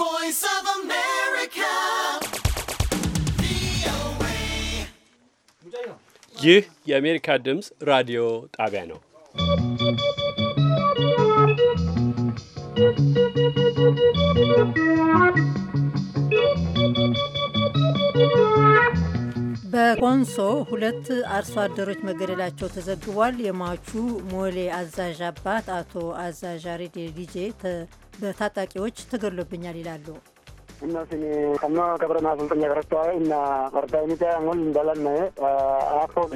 voice of America. ይህ የአሜሪካ ድምፅ ራዲዮ ጣቢያ ነው። በኮንሶ ሁለት አርሶ አደሮች መገደላቸው ተዘግቧል። የማቹ ሞሌ አዛዥ አባት አቶ አዛዥ አሬድ ዲጄ በታጣቂዎች ተገድሎብኛል ይላሉ።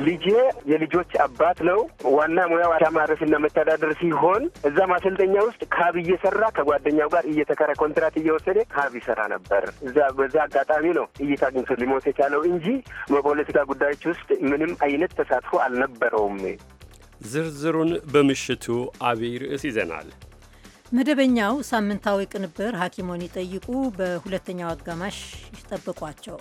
ልጄ የልጆች አባት ነው። ዋና ሙያው ማረስና መተዳደር ሲሆን እዛ ማሰልጠኛ ውስጥ ካብ እየሰራ ከጓደኛው ጋር እየተከረ ኮንትራት እየወሰደ ካብ ይሰራ ነበር። እዛ በዛ አጋጣሚ ነው እይታ አግኝቶ ሊሞት የቻለው እንጂ በፖለቲካ ጉዳዮች ውስጥ ምንም አይነት ተሳትፎ አልነበረውም። ዝርዝሩን በምሽቱ አብይ ርዕስ ይዘናል። መደበኛው ሳምንታዊ ቅንብር ሐኪሞን ይጠይቁ በሁለተኛው አጋማሽ ይጠብቋቸው።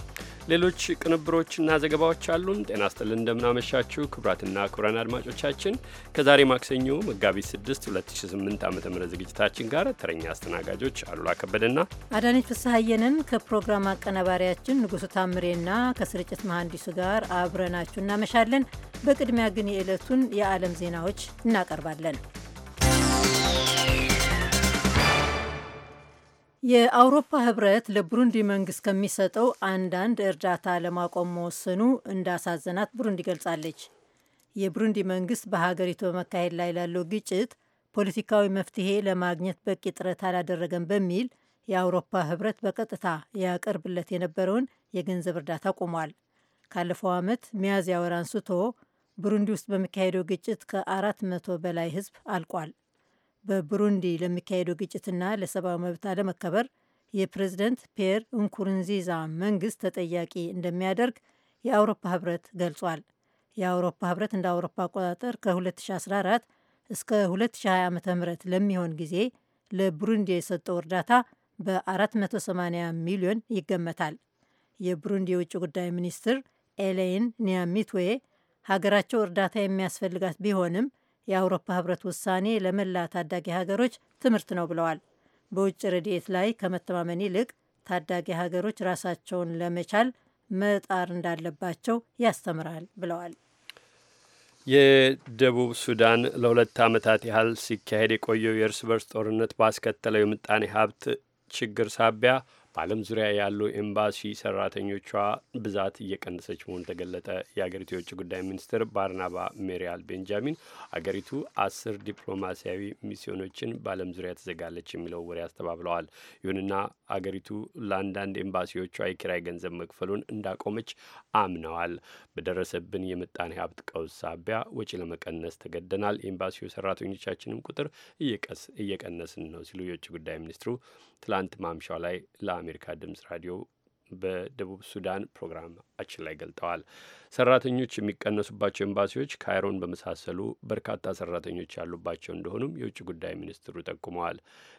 ሌሎች ቅንብሮችና ዘገባዎች አሉን። ጤና ስጥልን፣ እንደምናመሻችሁ ክቡራትና ክቡራን አድማጮቻችን ከዛሬ ማክሰኞ መጋቢት 6 2008 ዓ ም ዝግጅታችን ጋር ተረኛ አስተናጋጆች አሉላ ከበደና አዳነች ፍስሐየንን ከፕሮግራም አቀናባሪያችን ንጉሥ ታምሬና ከስርጭት መሐንዲሱ ጋር አብረናችሁ እናመሻለን። በቅድሚያ ግን የዕለቱን የዓለም ዜናዎች እናቀርባለን። የአውሮፓ ህብረት ለቡሩንዲ መንግስት ከሚሰጠው አንዳንድ እርዳታ ለማቆም መወሰኑ እንዳሳዘናት ቡሩንዲ ገልጻለች። የቡሩንዲ መንግስት በሀገሪቱ በመካሄድ ላይ ላለው ግጭት ፖለቲካዊ መፍትሄ ለማግኘት በቂ ጥረት አላደረገም በሚል የአውሮፓ ህብረት በቀጥታ ያቀርብለት የነበረውን የገንዘብ እርዳታ ቆሟል። ካለፈው ዓመት ሚያዝያ ወር አንስቶ ቡሩንዲ ውስጥ በሚካሄደው ግጭት ከአራት መቶ በላይ ህዝብ አልቋል። በብሩንዲ ለሚካሄደው ግጭትና ለሰብአዊ መብት አለመከበር የፕሬዝደንት ፒየር እንኩርንዚዛ መንግስት ተጠያቂ እንደሚያደርግ የአውሮፓ ህብረት ገልጿል። የአውሮፓ ህብረት እንደ አውሮፓ አቆጣጠር ከ2014 እስከ 2020 ም ለሚሆን ጊዜ ለብሩንዲ የሰጠው እርዳታ በ480 ሚሊዮን ይገመታል። የብሩንዲ የውጭ ጉዳይ ሚኒስትር ኤሌይን ኒያሚትዌ ሀገራቸው እርዳታ የሚያስፈልጋት ቢሆንም የአውሮፓ ህብረት ውሳኔ ለመላ ታዳጊ ሀገሮች ትምህርት ነው ብለዋል። በውጭ ረድኤት ላይ ከመተማመን ይልቅ ታዳጊ ሀገሮች ራሳቸውን ለመቻል መጣር እንዳለባቸው ያስተምራል ብለዋል። የደቡብ ሱዳን ለሁለት ዓመታት ያህል ሲካሄድ የቆየው የእርስ በርስ ጦርነት ባስከተለው የምጣኔ ሀብት ችግር ሳቢያ በዓለም ዙሪያ ያሉ ኤምባሲ ሰራተኞቿ ብዛት እየቀነሰች መሆኑ ተገለጠ። የአገሪቱ የውጭ ጉዳይ ሚኒስትር ባርናባ ሜሪያል ቤንጃሚን አገሪቱ አስር ዲፕሎማሲያዊ ሚስዮኖችን በዓለም ዙሪያ ትዘጋለች የሚለው ወሬ አስተባብለዋል። ይሁንና አገሪቱ ለአንዳንድ ኤምባሲዎቿ የኪራይ ገንዘብ መክፈሉን እንዳቆመች አምነዋል። በደረሰብን የምጣኔ ሀብት ቀውስ ሳቢያ ወጪ ለመቀነስ ተገደናል። የኤምባሲው ሰራተኞቻችንም ቁጥር እየቀነስን ነው ሲሉ የውጭ ጉዳይ ሚኒስትሩ ትላንት ማምሻው ላይ ለአሜሪካ ድምፅ ራዲዮ በደቡብ ሱዳን ፕሮግራማችን ላይ ገልጠዋል። ሰራተኞች የሚቀነሱባቸው ኤምባሲዎች ካይሮን በመሳሰሉ በርካታ ሰራተኞች ያሉባቸው እንደሆኑም የውጭ ጉዳይ ሚኒስትሩ ጠቁመዋል።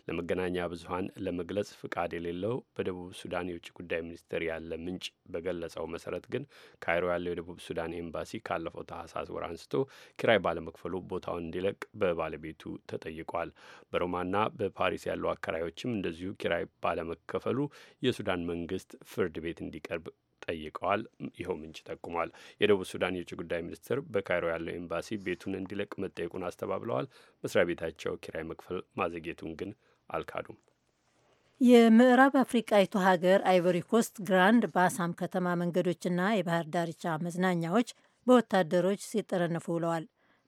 ለመገናኛ ብዙኃን ለመግለጽ ፍቃድ የሌለው በደቡብ ሱዳን የውጭ ጉዳይ ሚኒስቴር ያለ ምንጭ በገለጸው መሰረት ግን ካይሮ ያለው የደቡብ ሱዳን ኤምባሲ ካለፈው ታህሳስ ወር አንስቶ ኪራይ ባለመክፈሉ ቦታውን እንዲለቅ በባለቤቱ ተጠይቋል። በሮማና በፓሪስ ያሉ አከራዮችም እንደዚሁ ኪራይ ባለመከፈሉ የሱዳን መንግስት ፍርድ ቤት እንዲቀርብ ጠይቀዋል። ይኸው ምንጭ ጠቁሟል። የደቡብ ሱዳን የውጭ ጉዳይ ሚኒስትር በካይሮ ያለው ኤምባሲ ቤቱን እንዲለቅ መጠየቁን አስተባብለዋል። መስሪያ ቤታቸው ኪራይ መክፈል ማዘጌቱን ግን አልካዱም። የምዕራብ አፍሪቃዊቱ ሀገር አይቨሪ ኮስት ግራንድ ባሳም ከተማ መንገዶችና የባህር ዳርቻ መዝናኛዎች በወታደሮች ሲጠረነፉ ውለዋል።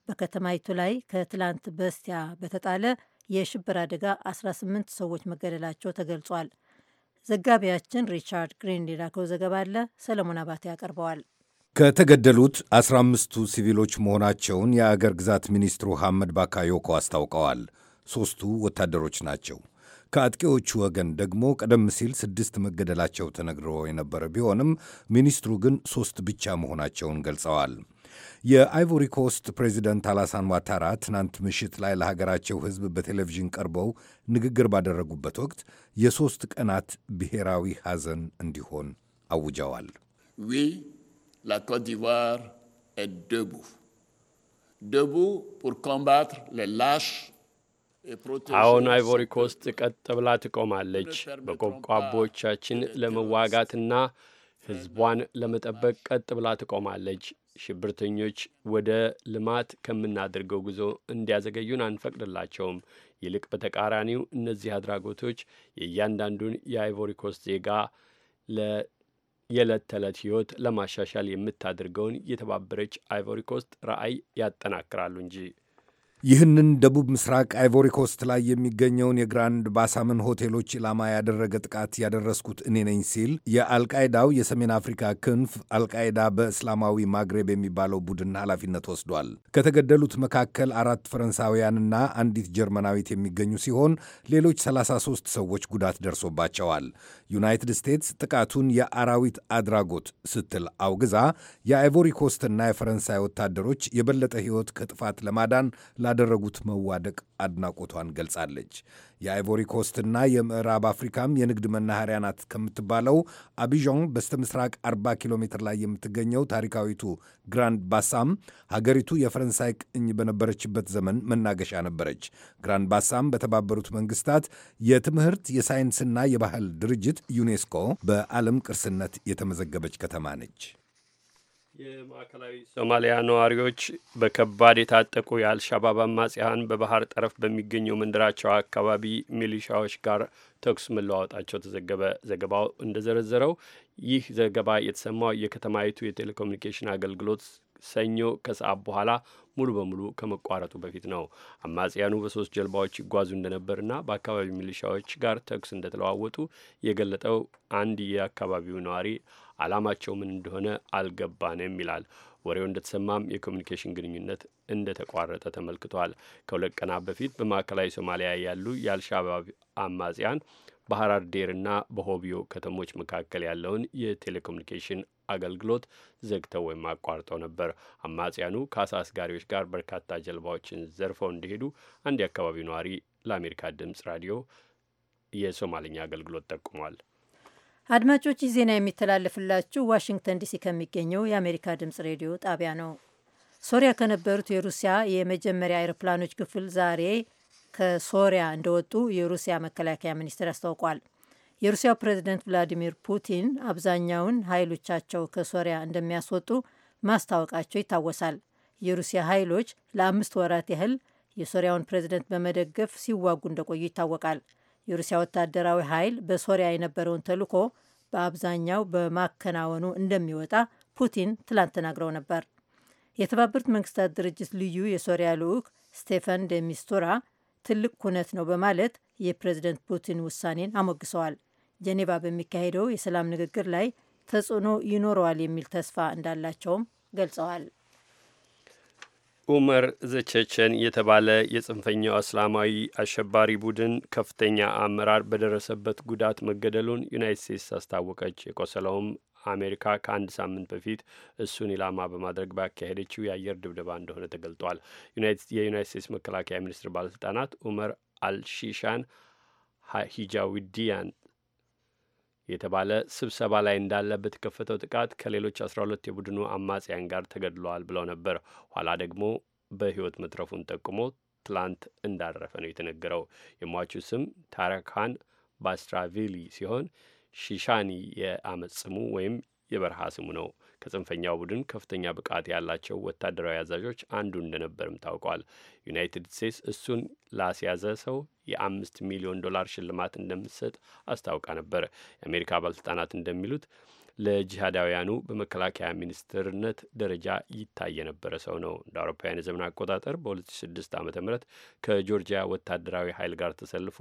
በከተማይቱ ላይ ከትላንት በስቲያ በተጣለ የሽብር አደጋ 18 ሰዎች መገደላቸው ተገልጿል። ዘጋቢያችን ሪቻርድ ግሪን የላከው ዘገባ አለ። ሰለሞን አባቴ ያቀርበዋል። ከተገደሉት 15ቱ ሲቪሎች መሆናቸውን የአገር ግዛት ሚኒስትሩ ሐመድ ባካዮኮ አስታውቀዋል። ሦስቱ ወታደሮች ናቸው። ከአጥቂዎቹ ወገን ደግሞ ቀደም ሲል ስድስት መገደላቸው ተነግሮ የነበረ ቢሆንም ሚኒስትሩ ግን ሦስት ብቻ መሆናቸውን ገልጸዋል። የአይቮሪ ኮስት ፕሬዚደንት አላሳን ዋታራ ትናንት ምሽት ላይ ለሀገራቸው ሕዝብ በቴሌቪዥን ቀርበው ንግግር ባደረጉበት ወቅት የሦስት ቀናት ብሔራዊ ሐዘን እንዲሆን አውጀዋል። ዊ ላ ደቡ ደቡ ፑር ኮምባትር ለላሽ አሁን አይቮሪ ኮስት ቀጥ ብላ ትቆማለች። በቆቋቦቻችን ለመዋጋትና ህዝቧን ለመጠበቅ ቀጥ ብላ ትቆማለች። ሽብርተኞች ወደ ልማት ከምናደርገው ጉዞ እንዲያዘገዩን አንፈቅድላቸውም። ይልቅ በተቃራኒው እነዚህ አድራጎቶች የእያንዳንዱን የአይቮሪ ዜጋ የዕለት ተዕለት ሕይወት ለማሻሻል የምታደርገውን የተባበረች አይቮሪኮስት ኮስት ራዕይ ያጠናክራሉ እንጂ ይህንን ደቡብ ምስራቅ አይቮሪኮስት ላይ የሚገኘውን የግራንድ ባሳምን ሆቴሎች ኢላማ ያደረገ ጥቃት ያደረስኩት እኔ ነኝ ሲል የአልቃይዳው የሰሜን አፍሪካ ክንፍ አልቃይዳ በእስላማዊ ማግሬብ የሚባለው ቡድን ኃላፊነት ወስዷል። ከተገደሉት መካከል አራት ፈረንሳውያንና አንዲት ጀርመናዊት የሚገኙ ሲሆን ሌሎች 33 ሰዎች ጉዳት ደርሶባቸዋል። ዩናይትድ ስቴትስ ጥቃቱን የአራዊት አድራጎት ስትል አውግዛ የአይቮሪኮስትና የፈረንሳይ ወታደሮች የበለጠ ሕይወት ከጥፋት ለማዳን ላደረጉት መዋደቅ አድናቆቷን ገልጻለች። የአይቮሪ ኮስትና የምዕራብ አፍሪካም የንግድ መናኸሪያ ናት ከምትባለው አቢዣን በስተ ምስራቅ 40 ኪሎ ሜትር ላይ የምትገኘው ታሪካዊቱ ግራንድ ባሳም ሀገሪቱ የፈረንሳይ ቅኝ በነበረችበት ዘመን መናገሻ ነበረች። ግራንድ ባሳም በተባበሩት መንግስታት የትምህርት የሳይንስና የባህል ድርጅት ዩኔስኮ በዓለም ቅርስነት የተመዘገበች ከተማ ነች። የማዕከላዊ ሶማሊያ ነዋሪዎች በከባድ የታጠቁ የአልሻባብ አማጽያን በባህር ጠረፍ በሚገኘው መንደራቸው አካባቢ ሚሊሻዎች ጋር ተኩስ መለዋወጣቸው ተዘገበ። ዘገባው እንደዘረዘረው ይህ ዘገባ የተሰማው የከተማይቱ የቴሌኮሙኒኬሽን አገልግሎት ሰኞ ከሰዓት በኋላ ሙሉ በሙሉ ከመቋረጡ በፊት ነው። አማጽያኑ በሶስት ጀልባዎች ይጓዙ እንደነበርና በአካባቢው ሚሊሻዎች ጋር ተኩስ እንደተለዋወጡ የገለጠው አንድ የአካባቢው ነዋሪ ዓላማቸው ምን እንደሆነ አልገባንም ይላል። ወሬው እንደተሰማም የኮሚኒኬሽን ግንኙነት እንደተቋረጠ ተመልክቷል። ከሁለት ቀናት በፊት በማዕከላዊ ሶማሊያ ያሉ የአልሻባብ አማጽያን በሐራር ዴርና በሆቢዮ ከተሞች መካከል ያለውን የቴሌኮሙኒኬሽን አገልግሎት ዘግተው ወይም አቋርጠው ነበር። አማጽያኑ ከአሳ አስጋሪዎች ጋር በርካታ ጀልባዎችን ዘርፈው እንዲሄዱ አንድ የአካባቢው ነዋሪ ለአሜሪካ ድምጽ ራዲዮ የሶማልኛ አገልግሎት ጠቁሟል። አድማጮች ይህ ዜና የሚተላለፍላችሁ ዋሽንግተን ዲሲ ከሚገኘው የአሜሪካ ድምጽ ሬዲዮ ጣቢያ ነው። ሶሪያ ከነበሩት የሩሲያ የመጀመሪያ አይሮፕላኖች ክፍል ዛሬ ከሶሪያ እንደወጡ የሩሲያ መከላከያ ሚኒስቴር አስታውቋል። የሩሲያው ፕሬዚደንት ቭላዲሚር ፑቲን አብዛኛውን ኃይሎቻቸው ከሶሪያ እንደሚያስወጡ ማስታወቃቸው ይታወሳል። የሩሲያ ኃይሎች ለአምስት ወራት ያህል የሶሪያውን ፕሬዚደንት በመደገፍ ሲዋጉ እንደቆዩ ይታወቃል። የሩሲያ ወታደራዊ ኃይል በሶሪያ የነበረውን ተልዕኮ በአብዛኛው በማከናወኑ እንደሚወጣ ፑቲን ትላንት ተናግረው ነበር። የተባበሩት መንግስታት ድርጅት ልዩ የሶሪያ ልዑክ ስቴፈን ደ ሚስቱራ ትልቅ ኩነት ነው በማለት የፕሬዝደንት ፑቲን ውሳኔን አሞግሰዋል። ጄኔቫ በሚካሄደው የሰላም ንግግር ላይ ተጽዕኖ ይኖረዋል የሚል ተስፋ እንዳላቸውም ገልጸዋል። ኡመር ዘቸቸን የተባለ የጽንፈኛው እስላማዊ አሸባሪ ቡድን ከፍተኛ አመራር በደረሰበት ጉዳት መገደሉን ዩናይት ስቴትስ አስታወቀች። የቆሰለውም አሜሪካ ከአንድ ሳምንት በፊት እሱን ኢላማ በማድረግ ባካሄደችው የአየር ድብደባ እንደሆነ ተገልጧል። የዩናይት ስቴትስ መከላከያ ሚኒስቴር ባለስልጣናት ኡመር አልሺሻን ሂጃዊዲያን የተባለ ስብሰባ ላይ እንዳለ በተከፈተው ጥቃት ከሌሎች 12 የቡድኑ አማጽያን ጋር ተገድለዋል ብለው ነበር። ኋላ ደግሞ በሕይወት መትረፉን ጠቁሞ ትላንት እንዳረፈ ነው የተነገረው። የሟቹ ስም ታረካን ባስትራቪሊ ሲሆን ሺሻኒ የአመፅ ስሙ ወይም የበረሃ ስሙ ነው። ከጽንፈኛው ቡድን ከፍተኛ ብቃት ያላቸው ወታደራዊ አዛዦች አንዱ እንደነበርም ታውቋል። ዩናይትድ ስቴትስ እሱን ላስያዘ ሰው የአምስት ሚሊዮን ዶላር ሽልማት እንደምትሰጥ አስታውቃ ነበር። የአሜሪካ ባለስልጣናት እንደሚሉት ለጂሃዳውያኑ በመከላከያ ሚኒስትርነት ደረጃ ይታይ የነበረ ሰው ነው። እንደ አውሮፓውያን የዘመን አቆጣጠር በ2006 ዓ ም ከጆርጂያ ወታደራዊ ኃይል ጋር ተሰልፎ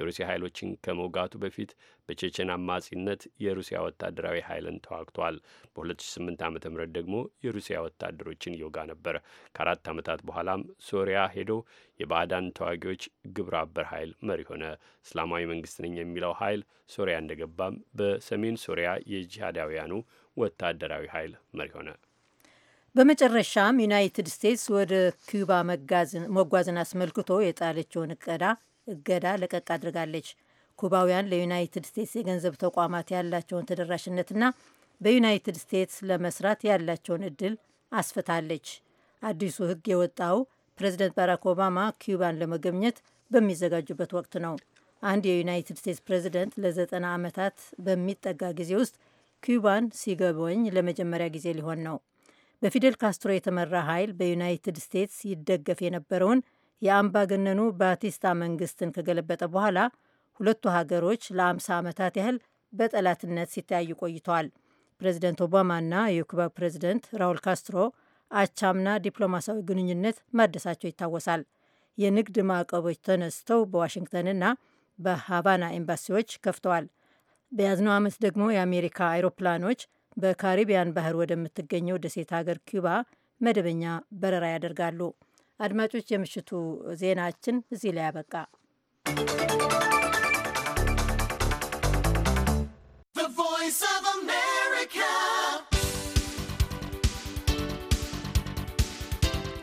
የሩሲያ ኃይሎችን ከመውጋቱ በፊት በቼቼን አማጺነት የሩሲያ ወታደራዊ ኃይልን ተዋግቷል። በ2008 ዓ ም ደግሞ የሩሲያ ወታደሮችን ይወጋ ነበር። ከአራት ዓመታት በኋላም ሶሪያ ሄዶ የባዕዳን ተዋጊዎች ግብረ አበር ኃይል መሪ ሆነ። እስላማዊ መንግስት ነኝ የሚለው ኃይል ሶሪያ እንደገባም በሰሜን ሶሪያ የጂሃዳውያኑ ወታደራዊ ኃይል መሪ ሆነ። በመጨረሻም ዩናይትድ ስቴትስ ወደ ኪዩባ መጓዝን አስመልክቶ የጣለችውን እቀዳ እገዳ ለቀቅ አድርጋለች። ኩባውያን ለዩናይትድ ስቴትስ የገንዘብ ተቋማት ያላቸውን ተደራሽነትና በዩናይትድ ስቴትስ ለመስራት ያላቸውን እድል አስፍታለች። አዲሱ ህግ የወጣው ፕሬዚደንት ባራክ ኦባማ ኪዩባን ለመጎብኘት በሚዘጋጁበት ወቅት ነው። አንድ የዩናይትድ ስቴትስ ፕሬዚደንት ለዘጠና ዓመታት በሚጠጋ ጊዜ ውስጥ ኪዩባን ሲገበኝ ለመጀመሪያ ጊዜ ሊሆን ነው። በፊደል ካስትሮ የተመራ ኃይል በዩናይትድ ስቴትስ ይደገፍ የነበረውን የአምባገነኑ ባቲስታ መንግስትን ከገለበጠ በኋላ ሁለቱ ሀገሮች ለ50 ዓመታት ያህል በጠላትነት ሲተያዩ ቆይተዋል። ፕሬዚደንት ኦባማና የኩባ ፕሬዚደንት ራውል ካስትሮ አቻምና ዲፕሎማሲያዊ ግንኙነት ማደሳቸው ይታወሳል። የንግድ ማዕቀቦች ተነስተው በዋሽንግተንና በሃቫና ኤምባሲዎች ከፍተዋል። በያዝነው ዓመት ደግሞ የአሜሪካ አይሮፕላኖች በካሪቢያን ባህር ወደምትገኘው ደሴት ሀገር ኩባ መደበኛ በረራ ያደርጋሉ። አድማጮች፣ የምሽቱ ዜናችን እዚህ ላይ ያበቃ።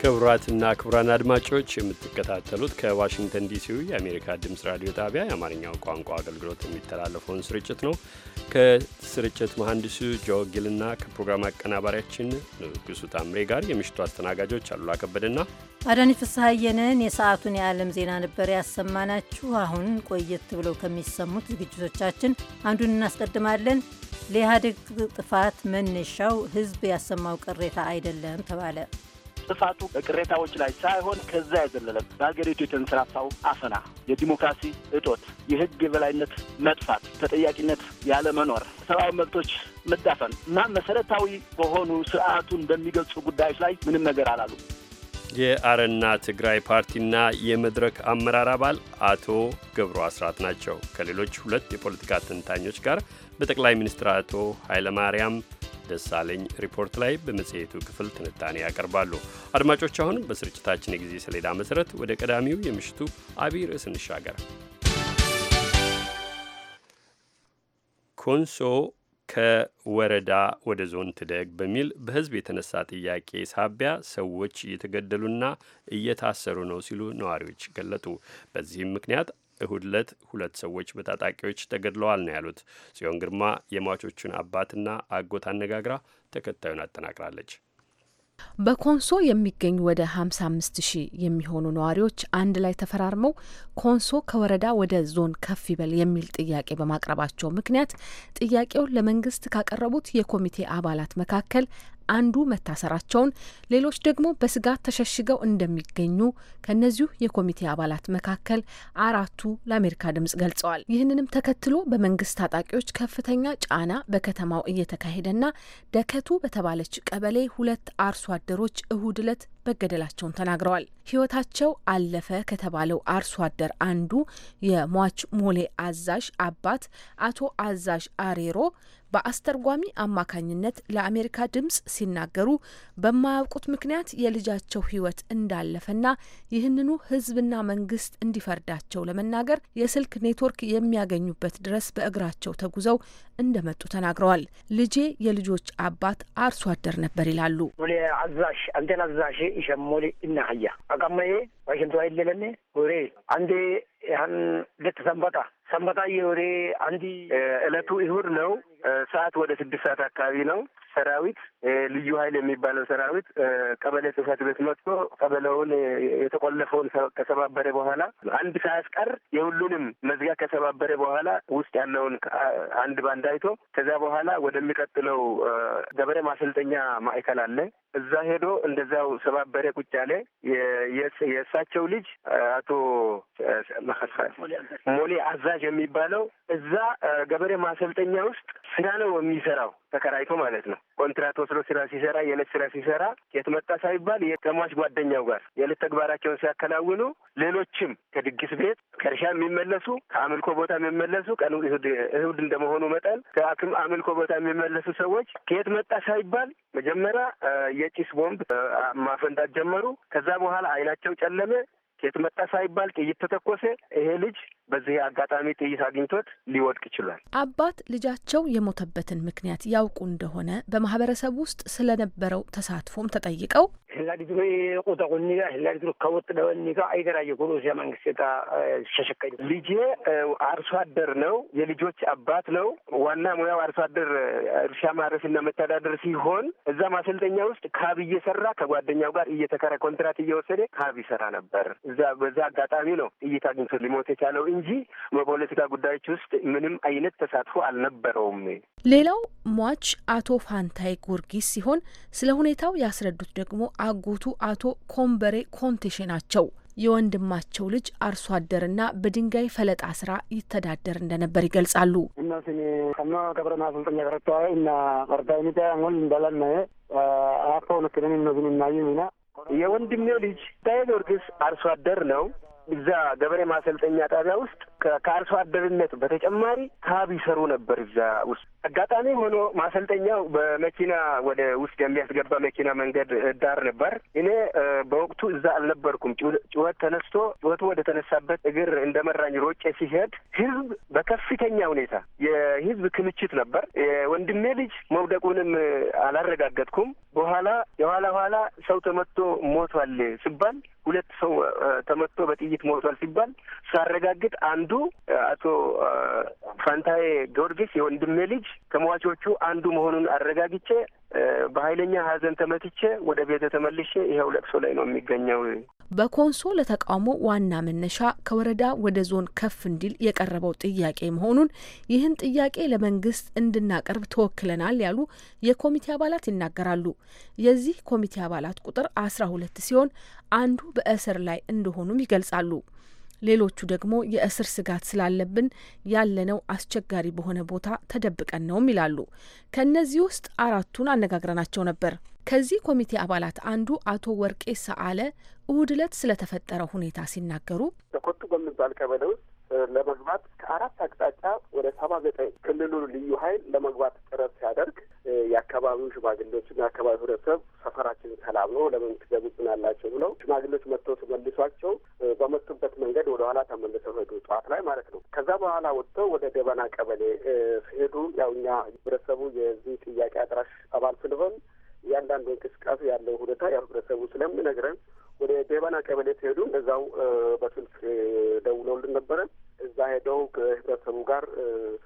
ክቡራትና ክቡራን አድማጮች የምትከታተሉት ከዋሽንግተን ዲሲው የአሜሪካ ድምፅ ራዲዮ ጣቢያ የአማርኛው ቋንቋ አገልግሎት የሚተላለፈውን ስርጭት ነው። ከስርጭት መሐንዲሱ ጆ ጊልና ከፕሮግራም አቀናባሪያችን ንጉሱ ታምሬ ጋር የምሽቱ አስተናጋጆች አሉላ ከበደና አዳኒ ፍስሐየንን የሰዓቱን የዓለም ዜና ነበር ያሰማናችሁ። አሁን ቆየት ብለው ከሚሰሙት ዝግጅቶቻችን አንዱን እናስቀድማለን። ለኢህአዴግ ጥፋት መነሻው ህዝብ ያሰማው ቅሬታ አይደለም ተባለ። ስፋቱ በቅሬታዎች ላይ ሳይሆን ከዛ የዘለለ በሀገሪቱ የተንሰራፋው አፈና፣ የዲሞክራሲ እጦት፣ የህግ የበላይነት መጥፋት፣ ተጠያቂነት ያለመኖር፣ ሰብአዊ መብቶች መዳፈን እና መሰረታዊ በሆኑ ስርዓቱን በሚገልጹ ጉዳዮች ላይ ምንም ነገር አላሉ። የአረና ትግራይ ፓርቲና የመድረክ አመራር አባል አቶ ገብሩ አስራት ናቸው። ከሌሎች ሁለት የፖለቲካ ተንታኞች ጋር በጠቅላይ ሚኒስትር አቶ ኃይለማርያም ደሳለኝ ሪፖርት ላይ በመጽሔቱ ክፍል ትንታኔ ያቀርባሉ። አድማጮች፣ አሁን በስርጭታችን የጊዜ ሰሌዳ መሠረት ወደ ቀዳሚው የምሽቱ አብይ ርዕስ እንሻገር። ኮንሶ ከወረዳ ወደ ዞን ትደግ በሚል በሕዝብ የተነሳ ጥያቄ ሳቢያ ሰዎች እየተገደሉና እየታሰሩ ነው ሲሉ ነዋሪዎች ገለጡ። በዚህም ምክንያት እሁድ ዕለት ሁለት ሰዎች በታጣቂዎች ተገድለዋል ነው ያሉት። ጽዮን ግርማ የሟቾቹን አባትና አጎት አነጋግራ ተከታዩን አጠናቅራለች። በኮንሶ የሚገኙ ወደ 55 ሺህ የሚሆኑ ነዋሪዎች አንድ ላይ ተፈራርመው ኮንሶ ከወረዳ ወደ ዞን ከፍ ይበል የሚል ጥያቄ በማቅረባቸው ምክንያት ጥያቄውን ለመንግስት ካቀረቡት የኮሚቴ አባላት መካከል አንዱ መታሰራቸውን፣ ሌሎች ደግሞ በስጋት ተሸሽገው እንደሚገኙ ከእነዚሁ የኮሚቴ አባላት መካከል አራቱ ለአሜሪካ ድምጽ ገልጸዋል። ይህንንም ተከትሎ በመንግስት ታጣቂዎች ከፍተኛ ጫና በከተማው እየተካሄደና ደከቱ በተባለች ቀበሌ ሁለት አርሶ አደሮች እሁድ ዕለት መገደላቸውን ተናግረዋል። ህይወታቸው አለፈ ከተባለው አርሶ አደር አንዱ የሟች ሞሌ አዛዥ አባት አቶ አዛዥ አሬሮ በአስተርጓሚ አማካኝነት ለአሜሪካ ድምጽ ሲናገሩ በማያውቁት ምክንያት የልጃቸው ሕይወት እንዳለፈና ይህንኑ ሕዝብና መንግስት እንዲፈርዳቸው ለመናገር የስልክ ኔትወርክ የሚያገኙበት ድረስ በእግራቸው ተጉዘው እንደመጡ ተናግረዋል። ልጄ የልጆች አባት አርሶ አደር ነበር ይላሉ። አዛሽ አንቴን አዛሽ ሸሞሌ እናሀያ አቀመዬ ዋሽንቶ አይለለኔ ሬ አንዴ ያን ልትሰንበታ ሰንበታ የወሬ አንዲ እለቱ እሁድ ነው። ሰዓት ወደ ስድስት ሰዓት አካባቢ ነው። ሰራዊት ልዩ ኃይል የሚባለው ሰራዊት ቀበሌ ጽህፈት ቤት መጥቶ ቀበሌውን የተቆለፈውን ከሰባበረ በኋላ አንድ ሳያስቀር የሁሉንም መዝጊያ ከሰባበረ በኋላ ውስጥ ያለውን አንድ ባንድ አይቶ ከዚያ በኋላ ወደሚቀጥለው ገበሬ ማሰልጠኛ ማዕከል አለ። እዛ ሄዶ እንደዚያው ሰባበረ ቁጭ የእሳቸው ልጅ አቶ ሞሊ አዛ ወዳጅ የሚባለው እዛ ገበሬ ማሰልጠኛ ውስጥ ስራ ነው የሚሰራው ተከራይቶ ማለት ነው። ኮንትራት ወስዶ ስራ ሲሰራ የዕለት ስራ ሲሰራ የት መጣ ሳይባል የተሟች ጓደኛው ጋር የዕለት ተግባራቸውን ሲያከናውኑ፣ ሌሎችም ከድግስ ቤት ከእርሻ የሚመለሱ ከአምልኮ ቦታ የሚመለሱ ቀኑ እሁድ እንደመሆኑ መጠን ከአክም አምልኮ ቦታ የሚመለሱ ሰዎች ከየት መጣ ሳይባል መጀመሪያ የጭስ ቦምብ ማፈንዳት ጀመሩ። ከዛ በኋላ አይናቸው ጨለመ። ከየት መጣ ሳይባል ጥይት ተተኮሰ። ይሄ ልጅ በዚህ አጋጣሚ ጥይት አግኝቶት ሊወድቅ ይችሏል። አባት ልጃቸው የሞተበትን ምክንያት ያውቁ እንደሆነ በማህበረሰብ ውስጥ ስለነበረው ተሳትፎም ተጠይቀው ልጄ አርሶ አደር ነው፣ የልጆች አባት ነው። ዋና ሙያው አርሶ አደር እርሻ ማረስና መተዳደር ሲሆን እዛ ማሰልጠኛ ውስጥ ካብ እየሰራ ከጓደኛው ጋር እየተከረ ኮንትራት እየወሰደ ካብ ይሰራ ነበር። እዛ በዛ አጋጣሚ ነው ጥይት አግኝቶት ሊሞት የቻለው እንጂ በፖለቲካ ጉዳዮች ውስጥ ምንም አይነት ተሳትፎ አልነበረውም። ሌላው ሟች አቶ ፋንታይ ጎርጊስ ሲሆን ስለ ሁኔታው ያስረዱት ደግሞ አጎቱ አቶ ኮምበሬ ኮንቴሼ ናቸው። የወንድማቸው ልጅ አርሶ አደርና በድንጋይ ፈለጣ ስራ ይተዳደር እንደነበር ይገልጻሉ። የወንድሜው ልጅ ታይ ጊዮርጊስ አርሶ አደር ነው። እዛ ገበሬ ማሰልጠኛ ጣቢያ ውስጥ ከአርሶ አደርነት በተጨማሪ ሳብ ይሰሩ ነበር እዛ ውስጥ አጋጣሚ ሆኖ ማሰልጠኛው በመኪና ወደ ውስጥ የሚያስገባ መኪና መንገድ ዳር ነበር። እኔ በወቅቱ እዛ አልነበርኩም። ጩኸት ተነስቶ ጩኸቱ ወደ ተነሳበት እግር እንደ መራኝ ሮጬ ሲሄድ ህዝብ በከፍተኛ ሁኔታ የህዝብ ክምችት ነበር። የወንድሜ ልጅ መውደቁንም አላረጋገጥኩም። በኋላ የኋላ ኋላ ሰው ተመቶ ሞቷል ሲባል ሁለት ሰው ተመቶ በጥይት ሞቷል ሲባል ሳረጋግጥ አንዱ አቶ ፋንታዬ ጊዮርጊስ የወንድሜ ልጅ ከሟቾቹ አንዱ መሆኑን አረጋግቼ በኃይለኛ ሐዘን ተመትቼ ወደ ቤተ ተመልሼ ይኸው ለቅሶ ላይ ነው የሚገኘው። በኮንሶ ለተቃውሞ ዋና መነሻ ከወረዳ ወደ ዞን ከፍ እንዲል የቀረበው ጥያቄ መሆኑን ይህን ጥያቄ ለመንግስት እንድናቀርብ ተወክለናል ያሉ የኮሚቴ አባላት ይናገራሉ። የዚህ ኮሚቴ አባላት ቁጥር አስራ ሁለት ሲሆን አንዱ በእስር ላይ እንደሆኑም ይገልጻሉ። ሌሎቹ ደግሞ የእስር ስጋት ስላለብን ያለነው አስቸጋሪ በሆነ ቦታ ተደብቀን ነውም ይላሉ። ከእነዚህ ውስጥ አራቱን አነጋግረናቸው ነበር። ከዚህ ኮሚቴ አባላት አንዱ አቶ ወርቄ ሰአለ እሁድ ዕለት ስለተፈጠረው ሁኔታ ሲናገሩ ተኮቱ በሚባል ቀበሌ ውስጥ ለመግባት ከአራት አቅጣጫ ወደ ሰባ ዘጠኝ ክልሉ ልዩ ኃይል ለመግባት ጥረት ሲያደርግ የአካባቢው ሽማግሌዎች ሽማግሌዎችና የአካባቢ ህብረተሰብ ሰፈራችን ሰላም ነው ለምን ትገቡብናላቸው ብለው ሽማግሌዎች መጥተው ሲመልሷቸው በመጡበት መንገድ ወደ ኋላ ተመልሰው ሄዱ። ጠዋት ላይ ማለት ነው። ከዛ በኋላ ወጥተው ወደ ደበና ቀበሌ ሲሄዱ ያው እኛ ህብረተሰቡ የዚህ ጥያቄ አድራሽ አባል ስለሆን እያንዳንዱ እንቅስቃሴ ያለው ሁኔታ ያው ህብረተሰቡ ስለሚነግረን ወደ ደበና ቀበሌ ሲሄዱ እዛው eh,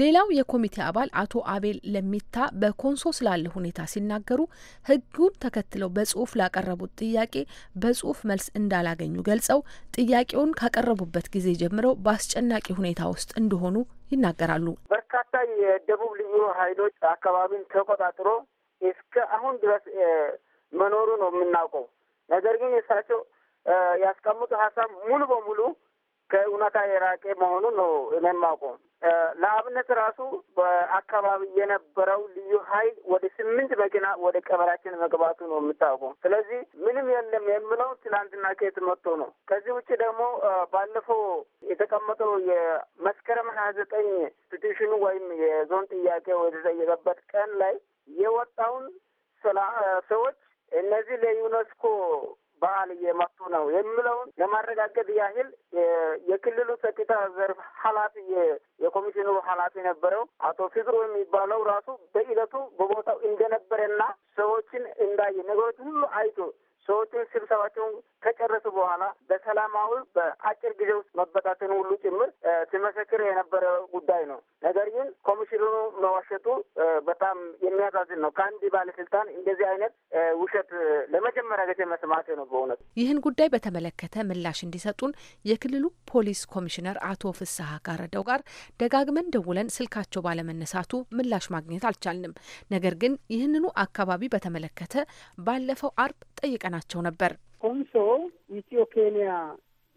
ሌላው የኮሚቴ አባል አቶ አቤል ለሚታ በኮንሶ ስላለ ሁኔታ ሲናገሩ ሕጉን ተከትለው በጽሁፍ ላቀረቡት ጥያቄ በጽሁፍ መልስ እንዳላገኙ ገልጸው ጥያቄውን ካቀረቡበት ጊዜ ጀምረው በአስጨናቂ ሁኔታ ውስጥ እንደሆኑ ይናገራሉ። በርካታ የደቡብ ልዩ ኃይሎች አካባቢን ተቆጣጥሮ እስከ አሁን ድረስ መኖሩ ነው የምናውቀው። ነገር ግን የእሳቸው ያስቀምጡ ሀሳብ ሙሉ በሙሉ ከእውነታ የራቄ መሆኑ ነው እኔም አውቀው ለአብነት ራሱ በአካባቢ የነበረው ልዩ ኃይል ወደ ስምንት መኪና ወደ ቀበራችን መግባቱ ነው የምታውቁ። ስለዚህ ምንም የለም የምለው ትናንትና ከየት መጥቶ ነው። ከዚህ ውጭ ደግሞ ባለፈው የተቀመጠው የመስከረም ሀያ ዘጠኝ ፒቲሽኑ ወይም የዞን ጥያቄ የተጠየቀበት ቀን ላይ የወጣውን ሰዎች እነዚህ ለዩኔስኮ በዓል እየመጡ ነው የሚለውን ለማረጋገጥ ያህል የክልሉ ጸጥታ ዘርፍ ኃላፊ የኮሚሽኑ ኃላፊ ነበረው አቶ ፊግሮ የሚባለው ራሱ በዕለቱ በቦታው እንደነበረና ሰዎችን እንዳየ ነገሮች ሁሉ አይቶ ሰዎቹን ስብሰባቸውን ከጨረሱ በኋላ በሰላማዊ በአጭር ጊዜ ውስጥ መበታተን ሁሉ ጭምር ሲመሰክር የነበረ ጉዳይ ነው። ነገር ግን ኮሚሽኑ መዋሸቱ በጣም የሚያሳዝን ነው። ከአንድ ባለስልጣን እንደዚህ አይነት ውሸት ለመጀመሪያ ጊዜ መስማት ነው በእውነት። ይህን ጉዳይ በተመለከተ ምላሽ እንዲሰጡን የክልሉ ፖሊስ ኮሚሽነር አቶ ፍስሀ ጋረደው ጋር ደጋግመን ደውለን ስልካቸው ባለመነሳቱ ምላሽ ማግኘት አልቻልንም። ነገር ግን ይህንኑ አካባቢ በተመለከተ ባለፈው አርብ ጠይቀ አነጋግረናቸው ነበር። ኮንሶ ኢትዮ ኬንያ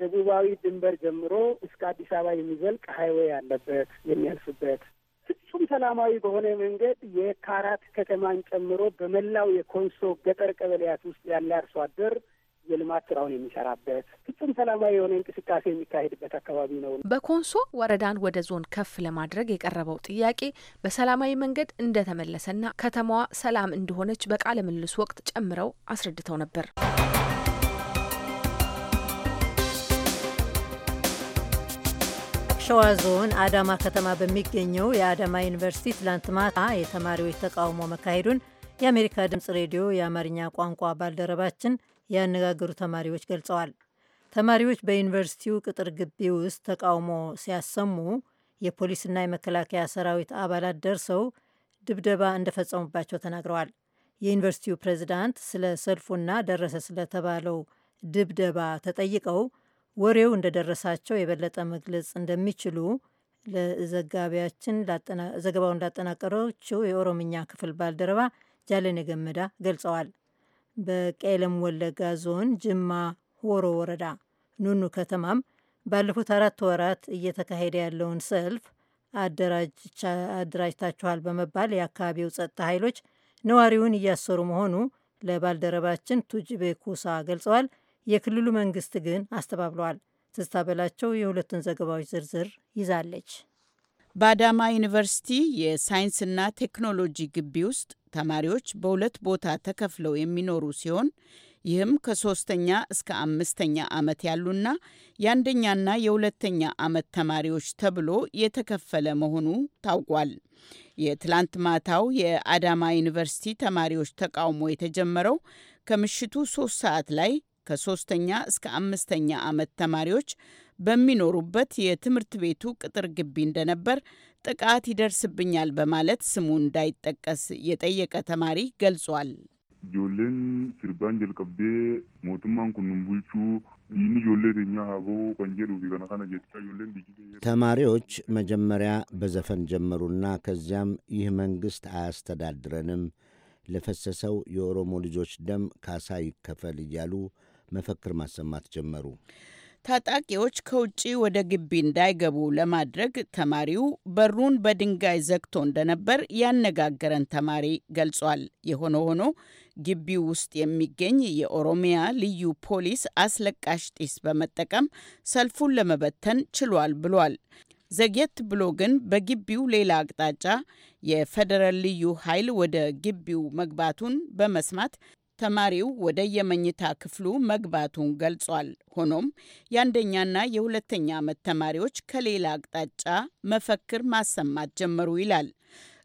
ደቡባዊ ድንበር ጀምሮ እስከ አዲስ አበባ የሚዘልቅ ሀይዌይ ያለበት የሚያልፍበት ፍጹም ሰላማዊ በሆነ መንገድ የካራት ከተማን ጨምሮ በመላው የኮንሶ ገጠር ቀበሌያት ውስጥ ያለ አርሶ አደር የልማት ስራውን የሚሰራበት ፍጹም ሰላማዊ የሆነ እንቅስቃሴ የሚካሄድበት አካባቢ ነው። በኮንሶ ወረዳን ወደ ዞን ከፍ ለማድረግ የቀረበው ጥያቄ በሰላማዊ መንገድ እንደተመለሰና ከተማዋ ሰላም እንደሆነች በቃለ ምልልስ ወቅት ጨምረው አስረድተው ነበር። ሸዋ ዞን አዳማ ከተማ በሚገኘው የአዳማ ዩኒቨርሲቲ ትላንት ማታ የተማሪዎች ተቃውሞ መካሄዱን የአሜሪካ ድምፅ ሬዲዮ የአማርኛ ቋንቋ ባልደረባችን ያነጋገሩ ተማሪዎች ገልጸዋል። ተማሪዎች በዩኒቨርሲቲው ቅጥር ግቢ ውስጥ ተቃውሞ ሲያሰሙ የፖሊስና የመከላከያ ሰራዊት አባላት ደርሰው ድብደባ እንደፈጸሙባቸው ተናግረዋል። የዩኒቨርሲቲው ፕሬዝዳንት ስለ ሰልፉና ደረሰ ስለተባለው ድብደባ ተጠይቀው ወሬው እንደደረሳቸው የበለጠ መግለጽ እንደሚችሉ ለዘጋቢያችን ዘገባውን እንዳጠናቀረችው የኦሮምኛ ክፍል ባልደረባ ጃለኔ ገመዳ ገልጸዋል። በቄለም ወለጋ ዞን ጅማ ሆሮ ወረዳ ኑኑ ከተማም ባለፉት አራት ወራት እየተካሄደ ያለውን ሰልፍ አደራጅታችኋል በመባል የአካባቢው ጸጥታ ኃይሎች ነዋሪውን እያሰሩ መሆኑ ለባልደረባችን ቱጅቤ ኩሳ ገልጸዋል። የክልሉ መንግስት ግን አስተባብለዋል። ትዝታ በላቸው የሁለቱን ዘገባዎች ዝርዝር ይዛለች። በአዳማ ዩኒቨርሲቲ የሳይንስና ቴክኖሎጂ ግቢ ውስጥ ተማሪዎች በሁለት ቦታ ተከፍለው የሚኖሩ ሲሆን ይህም ከሶስተኛ እስከ አምስተኛ ዓመት ያሉና የአንደኛና የሁለተኛ ዓመት ተማሪዎች ተብሎ የተከፈለ መሆኑ ታውቋል። የትላንት ማታው የአዳማ ዩኒቨርሲቲ ተማሪዎች ተቃውሞ የተጀመረው ከምሽቱ ሶስት ሰዓት ላይ ከሶስተኛ እስከ አምስተኛ ዓመት ተማሪዎች በሚኖሩበት የትምህርት ቤቱ ቅጥር ግቢ እንደነበር ጥቃት ይደርስብኛል በማለት ስሙ እንዳይጠቀስ የጠየቀ ተማሪ ገልጿል። ጆሌን ሲርባን ጀልቀቤ ሞትማን ኩኑም ቡልቹ ተማሪዎች መጀመሪያ በዘፈን ጀመሩና ከዚያም ይህ መንግሥት አያስተዳድረንም፣ ለፈሰሰው የኦሮሞ ልጆች ደም ካሳ ይከፈል እያሉ መፈክር ማሰማት ጀመሩ። ታጣቂዎች ከውጭ ወደ ግቢ እንዳይገቡ ለማድረግ ተማሪው በሩን በድንጋይ ዘግቶ እንደነበር ያነጋገረን ተማሪ ገልጿል። የሆነ ሆኖ ግቢው ውስጥ የሚገኝ የኦሮሚያ ልዩ ፖሊስ አስለቃሽ ጢስ በመጠቀም ሰልፉን ለመበተን ችሏል ብሏል። ዘግየት ብሎ ግን በግቢው ሌላ አቅጣጫ የፌዴራል ልዩ ኃይል ወደ ግቢው መግባቱን በመስማት ተማሪው ወደ የመኝታ ክፍሉ መግባቱን ገልጿል። ሆኖም የአንደኛና የሁለተኛ ዓመት ተማሪዎች ከሌላ አቅጣጫ መፈክር ማሰማት ጀመሩ ይላል።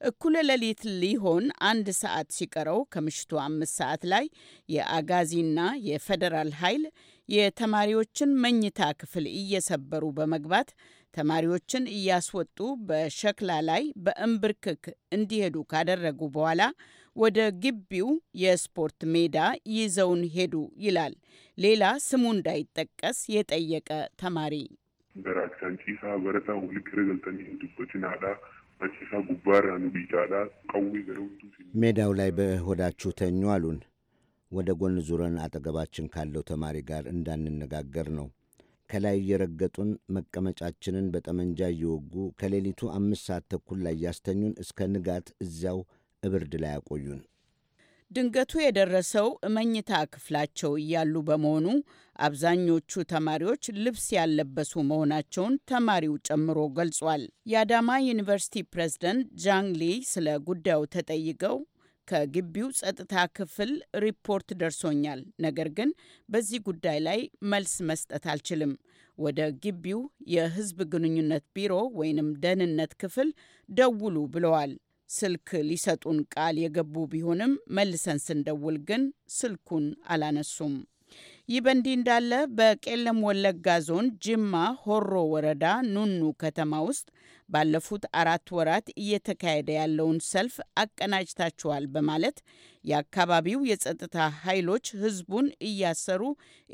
እኩለ ሌሊት ሊሆን አንድ ሰዓት ሲቀረው ከምሽቱ አምስት ሰዓት ላይ የአጋዚና የፌዴራል ኃይል የተማሪዎችን መኝታ ክፍል እየሰበሩ በመግባት ተማሪዎችን እያስወጡ በሸክላ ላይ በእንብርክክ እንዲሄዱ ካደረጉ በኋላ ወደ ግቢው የስፖርት ሜዳ ይዘውን ሄዱ ይላል ሌላ ስሙ እንዳይጠቀስ የጠየቀ ተማሪ። ሜዳው ላይ በሆዳችሁ ተኙ አሉን። ወደ ጎን ዙረን አጠገባችን ካለው ተማሪ ጋር እንዳንነጋገር ነው ከላይ እየረገጡን መቀመጫችንን በጠመንጃ እየወጉ ከሌሊቱ አምስት ሰዓት ተኩል ላይ ያስተኙን እስከ ንጋት እዚያው እብርድ ላይ ያቆዩን። ድንገቱ የደረሰው እመኝታ ክፍላቸው እያሉ በመሆኑ አብዛኞቹ ተማሪዎች ልብስ ያለበሱ መሆናቸውን ተማሪው ጨምሮ ገልጿል። የአዳማ ዩኒቨርሲቲ ፕሬዝደንት ሊ ስለ ጉዳዩ ተጠይቀው ከግቢው ጸጥታ ክፍል ሪፖርት ደርሶኛል። ነገር ግን በዚህ ጉዳይ ላይ መልስ መስጠት አልችልም። ወደ ግቢው የህዝብ ግንኙነት ቢሮ ወይንም ደህንነት ክፍል ደውሉ ብለዋል። ስልክ ሊሰጡን ቃል የገቡ ቢሆንም መልሰን ስንደውል ግን ስልኩን አላነሱም። ይህ በእንዲህ እንዳለ በቄለም ወለጋ ዞን ጅማ ሆሮ ወረዳ ኑኑ ከተማ ውስጥ ባለፉት አራት ወራት እየተካሄደ ያለውን ሰልፍ አቀናጅታችኋል በማለት የአካባቢው የጸጥታ ኃይሎች ህዝቡን እያሰሩ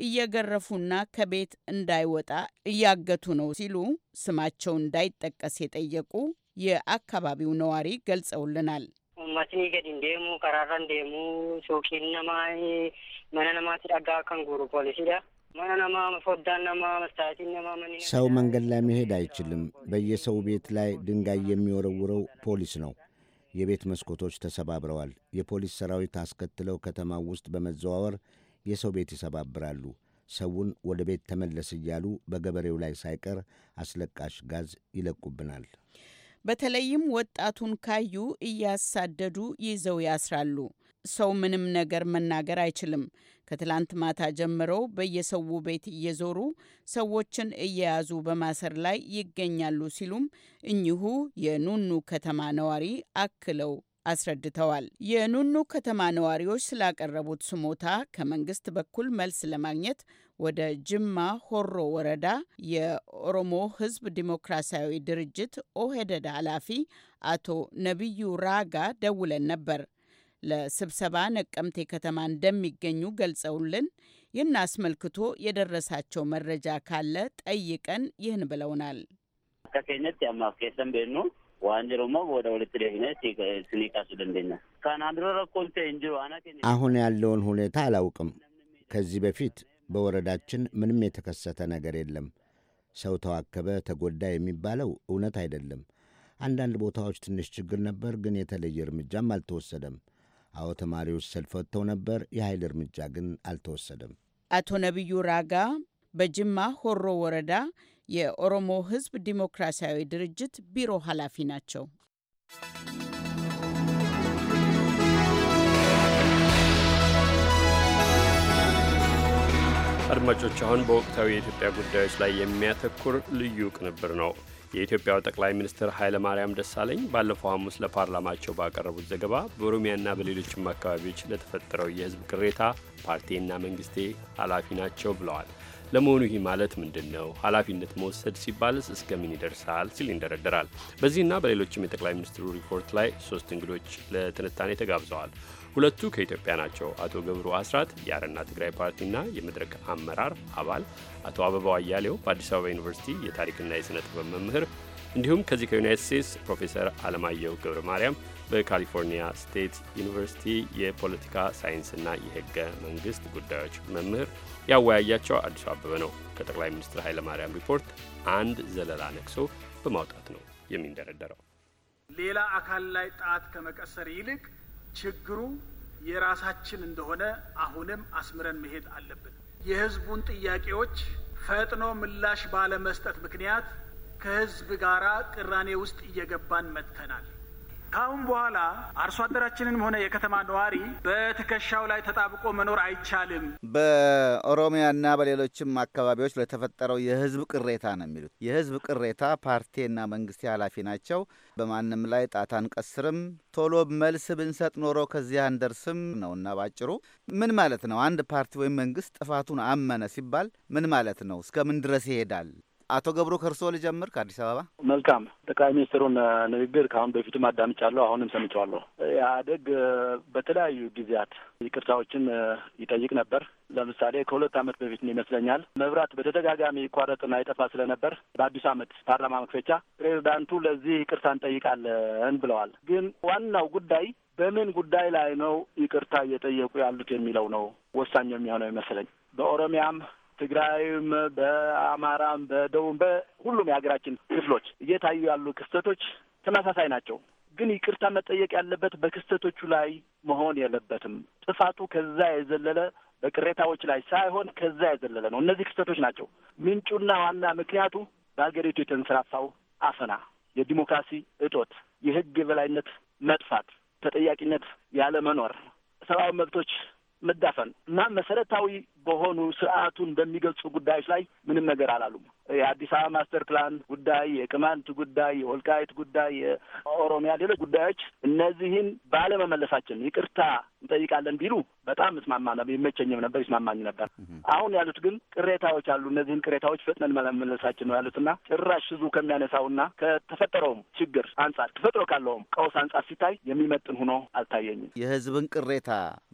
እየገረፉና ከቤት እንዳይወጣ እያገቱ ነው ሲሉ ስማቸው እንዳይጠቀስ የጠየቁ የአካባቢው ነዋሪ ገልጸውልናል። ኡመትኒ ገድ እንደሙ ከራራ እንደሙ ሶኪ ነማ መነ ነማት ከንጉሩ ፖሊሲ ዳ ሰው መንገድ ላይ መሄድ አይችልም። በየሰው ቤት ላይ ድንጋይ የሚወረውረው ፖሊስ ነው። የቤት መስኮቶች ተሰባብረዋል። የፖሊስ ሰራዊት አስከትለው ከተማው ውስጥ በመዘዋወር የሰው ቤት ይሰባብራሉ። ሰውን ወደ ቤት ተመለስ እያሉ በገበሬው ላይ ሳይቀር አስለቃሽ ጋዝ ይለቁብናል። በተለይም ወጣቱን ካዩ እያሳደዱ ይዘው ያስራሉ። ሰው ምንም ነገር መናገር አይችልም። ከትላንት ማታ ጀምረው በየሰው ቤት እየዞሩ ሰዎችን እየያዙ በማሰር ላይ ይገኛሉ ሲሉም እኚሁ የኑኑ ከተማ ነዋሪ አክለው አስረድተዋል። የኑኑ ከተማ ነዋሪዎች ስላቀረቡት ስሞታ ከመንግስት በኩል መልስ ለማግኘት ወደ ጅማ ሆሮ ወረዳ የኦሮሞ ሕዝብ ዲሞክራሲያዊ ድርጅት ኦሄደድ ኃላፊ አቶ ነቢዩ ራጋ ደውለን ነበር። ለስብሰባ ነቀምቴ ከተማ እንደሚገኙ ገልጸውልን ይህን አስመልክቶ የደረሳቸው መረጃ ካለ ጠይቀን ይህን ብለውናል። አሁን ያለውን ሁኔታ አላውቅም። ከዚህ በፊት በወረዳችን ምንም የተከሰተ ነገር የለም። ሰው ተዋከበ፣ ተጎዳ የሚባለው እውነት አይደለም። አንዳንድ ቦታዎች ትንሽ ችግር ነበር፣ ግን የተለየ እርምጃም አልተወሰደም። አዎ ተማሪዎች ሰልፍ ወጥተው ነበር። የኃይል እርምጃ ግን አልተወሰደም። አቶ ነቢዩ ራጋ በጅማ ሆሮ ወረዳ የኦሮሞ ሕዝብ ዲሞክራሲያዊ ድርጅት ቢሮ ኃላፊ ናቸው። አድማጮች፣ አሁን በወቅታዊ የኢትዮጵያ ጉዳዮች ላይ የሚያተኩር ልዩ ቅንብር ነው። የኢትዮጵያው ጠቅላይ ሚኒስትር ኃይለማርያም ደሳለኝ ባለፈው ሐሙስ ለፓርላማቸው ባቀረቡት ዘገባ በኦሮሚያና በሌሎችም አካባቢዎች ለተፈጠረው የህዝብ ቅሬታ ፓርቲና መንግስቴ ኃላፊ ናቸው ብለዋል። ለመሆኑ ይህ ማለት ምንድን ነው? ኃላፊነት መውሰድ ሲባልስ እስከ ምን ይደርሳል? ሲል ይንደረደራል። በዚህና በሌሎችም የጠቅላይ ሚኒስትሩ ሪፖርት ላይ ሶስት እንግዶች ለትንታኔ ተጋብዘዋል። ሁለቱ ከኢትዮጵያ ናቸው። አቶ ገብሩ አስራት የአረና ትግራይ ፓርቲና የመድረክ አመራር አባል፣ አቶ አበባው አያሌው በአዲስ አበባ ዩኒቨርሲቲ የታሪክና የሥነ ጥበብ መምህር እንዲሁም ከዚህ ከዩናይት ስቴትስ ፕሮፌሰር አለማየሁ ገብረ ማርያም በካሊፎርኒያ ስቴት ዩኒቨርሲቲ የፖለቲካ ሳይንስና የህገ መንግስት ጉዳዮች መምህር ያወያያቸው አዲሱ አበበ ነው። ከጠቅላይ ሚኒስትር ኃይለማርያም ሪፖርት አንድ ዘለላ ነቅሶ በማውጣት ነው የሚንደረደረው። ሌላ አካል ላይ ጣት ከመቀሰር ይልቅ ችግሩ የራሳችን እንደሆነ አሁንም አስምረን መሄድ አለብን። የህዝቡን ጥያቄዎች ፈጥኖ ምላሽ ባለመስጠት ምክንያት ከህዝብ ጋር ቅራኔ ውስጥ እየገባን መጥተናል። ከአሁን በኋላ አርሶ አደራችንም ሆነ የከተማ ነዋሪ በትከሻው ላይ ተጣብቆ መኖር አይቻልም። በኦሮሚያና በሌሎችም አካባቢዎች ለተፈጠረው የህዝብ ቅሬታ ነው የሚሉት። የህዝብ ቅሬታ ፓርቲና መንግስት ኃላፊ ናቸው። በማንም ላይ ጣት አንቀስርም፣ ቶሎ መልስ ብንሰጥ ኖሮ ከዚህ አንደርስም ነውና ባጭሩ ምን ማለት ነው? አንድ ፓርቲ ወይም መንግስት ጥፋቱን አመነ ሲባል ምን ማለት ነው? እስከምን ድረስ ይሄዳል? አቶ ገብሩ ከእርስዎ ልጀምር ከአዲስ አበባ። መልካም ጠቅላይ ሚኒስትሩን ንግግር ከአሁን በፊትም አዳምጫለሁ፣ አሁንም ሰምቸዋለሁ። ኢህአዴግ በተለያዩ ጊዜያት ይቅርታዎችን ይጠይቅ ነበር። ለምሳሌ ከሁለት ዓመት በፊት ይመስለኛል መብራት በተደጋጋሚ ይቋረጥና ይጠፋ ስለነበር በአዲሱ ዓመት ፓርላማ መክፈቻ ፕሬዚዳንቱ ለዚህ ይቅርታ እንጠይቃለን ብለዋል። ግን ዋናው ጉዳይ በምን ጉዳይ ላይ ነው ይቅርታ እየጠየቁ ያሉት የሚለው ነው ወሳኝ የሚሆነው ይመስለኝ። በኦሮሚያም በትግራይም፣ በአማራም፣ በደቡብ በሁሉም የሀገራችን ክፍሎች እየታዩ ያሉ ክስተቶች ተመሳሳይ ናቸው። ግን ይቅርታ መጠየቅ ያለበት በክስተቶቹ ላይ መሆን የለበትም። ጥፋቱ ከዛ የዘለለ በቅሬታዎች ላይ ሳይሆን ከዛ የዘለለ ነው። እነዚህ ክስተቶች ናቸው ምንጩና ዋና ምክንያቱ በሀገሪቱ የተንሰራፋው አፈና፣ የዲሞክራሲ እጦት፣ የህግ የበላይነት መጥፋት፣ ተጠያቂነት ያለመኖር፣ ሰብአዊ መብቶች መዳፈን እና መሰረታዊ በሆኑ ስርዓቱን በሚገልጹ ጉዳዮች ላይ ምንም ነገር አላሉም። የአዲስ አበባ ማስተር ፕላን ጉዳይ፣ የቅማንት ጉዳይ፣ የወልቃይት ጉዳይ፣ የኦሮሚያ ሌሎች ጉዳዮች እነዚህን ባለመመለሳችን ይቅርታ እንጠይቃለን ቢሉ በጣም እስማማ ነበር፣ ይመቸኝም ነበር፣ ይስማማኝ ነበር። አሁን ያሉት ግን ቅሬታዎች አሉ። እነዚህን ቅሬታዎች ፍጥነን መመለሳችን ነው ያሉትና ጭራሽ ህዝቡ ከሚያነሳውና ከተፈጠረውም ችግር አንጻር ተፈጥሮ ካለውም ቀውስ አንጻር ሲታይ የሚመጥን ሆኖ አልታየኝም። የህዝብን ቅሬታ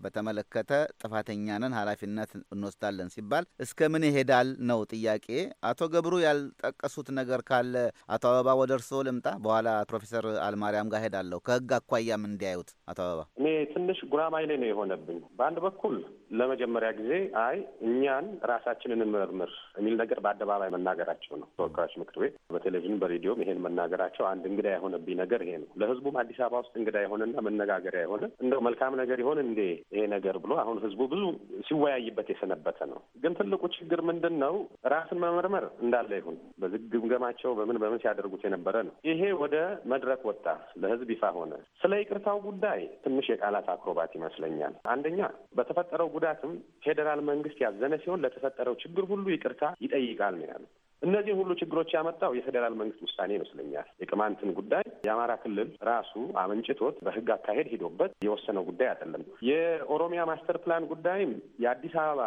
በተመለከተ ጥፋተኛንን ኃላፊነት እንወስዳለን ሲባል እስከ ምን ይሄዳል ነው ጥያቄ። አቶ ገብሩ ያልጠቀሱት ነገር ካለ አቶ አበባ ወደ እርስዎ ልምጣ፣ በኋላ ፕሮፌሰር አልማርያም ጋር ሄዳለሁ። ከህግ አኳያም እንዲያዩት አቶ አበባ። እኔ ትንሽ ጉራማይሌ ነው የሆነብኝ። በአንድ በኩል ለመጀመሪያ ጊዜ አይ እኛን ራሳችንን እንመርምር የሚል ነገር በአደባባይ መናገራቸው ነው። ተወካዮች ምክር ቤት በቴሌቪዥን በሬዲዮም ይሄን መናገራቸው አንድ እንግዳ የሆነብኝ ነገር ይሄ ነው። ለህዝቡም አዲስ አበባ ውስጥ እንግዳ የሆነና መነጋገሪያ የሆነ እንደው መልካም ነገር ይሆን እንዴ ይሄ ነገር ብሎ አሁን ህዝቡ ብዙ ሲወያይበት የሰነ እየሰነበተ ነው። ግን ትልቁ ችግር ምንድን ነው? ራስን መመርመር እንዳለ ይሁን በዚህ ግምገማቸው በምን በምን ሲያደርጉት የነበረ ነው። ይሄ ወደ መድረክ ወጣ፣ ለህዝብ ይፋ ሆነ። ስለ ይቅርታው ጉዳይ ትንሽ የቃላት አክሮባት ይመስለኛል። አንደኛ በተፈጠረው ጉዳትም ፌዴራል መንግስት ያዘነ ሲሆን ለተፈጠረው ችግር ሁሉ ይቅርታ ይጠይቃል ነው ያሉት። እነዚህን ሁሉ ችግሮች ያመጣው የፌዴራል መንግስት ውሳኔ ይመስለኛል። የቅማንትን ጉዳይ የአማራ ክልል ራሱ አመንጭቶት በህግ አካሄድ ሂዶበት የወሰነው ጉዳይ አይደለም። የኦሮሚያ ማስተር ፕላን ጉዳይም የአዲስ አበባ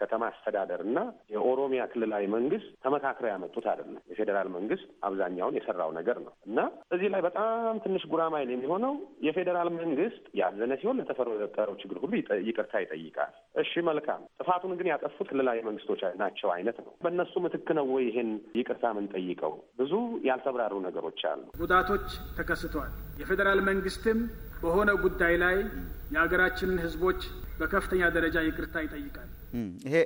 ከተማ አስተዳደር እና የኦሮሚያ ክልላዊ መንግስት ተመካክረው ያመጡት አይደለም። የፌዴራል መንግስት አብዛኛውን የሰራው ነገር ነው እና እዚህ ላይ በጣም ትንሽ ጉራማይል የሚሆነው የፌዴራል መንግስት ያዘነ ሲሆን ለተፈጠረው ችግር ሁሉ ይቅርታ ይጠይቃል። እሺ መልካም፣ ጥፋቱን ግን ያጠፉት ክልላዊ መንግስቶች ናቸው አይነት ነው። በእነሱ ምትክ ነው ወይ ይህን ይቅርታ የምንጠይቀው? ብዙ ያልተብራሩ ነገሮች አሉ። ጉዳቶች ተከስተዋል። የፌዴራል መንግስትም በሆነ ጉዳይ ላይ የሀገራችንን ህዝቦች በከፍተኛ ደረጃ ይቅርታ ይጠይቃል።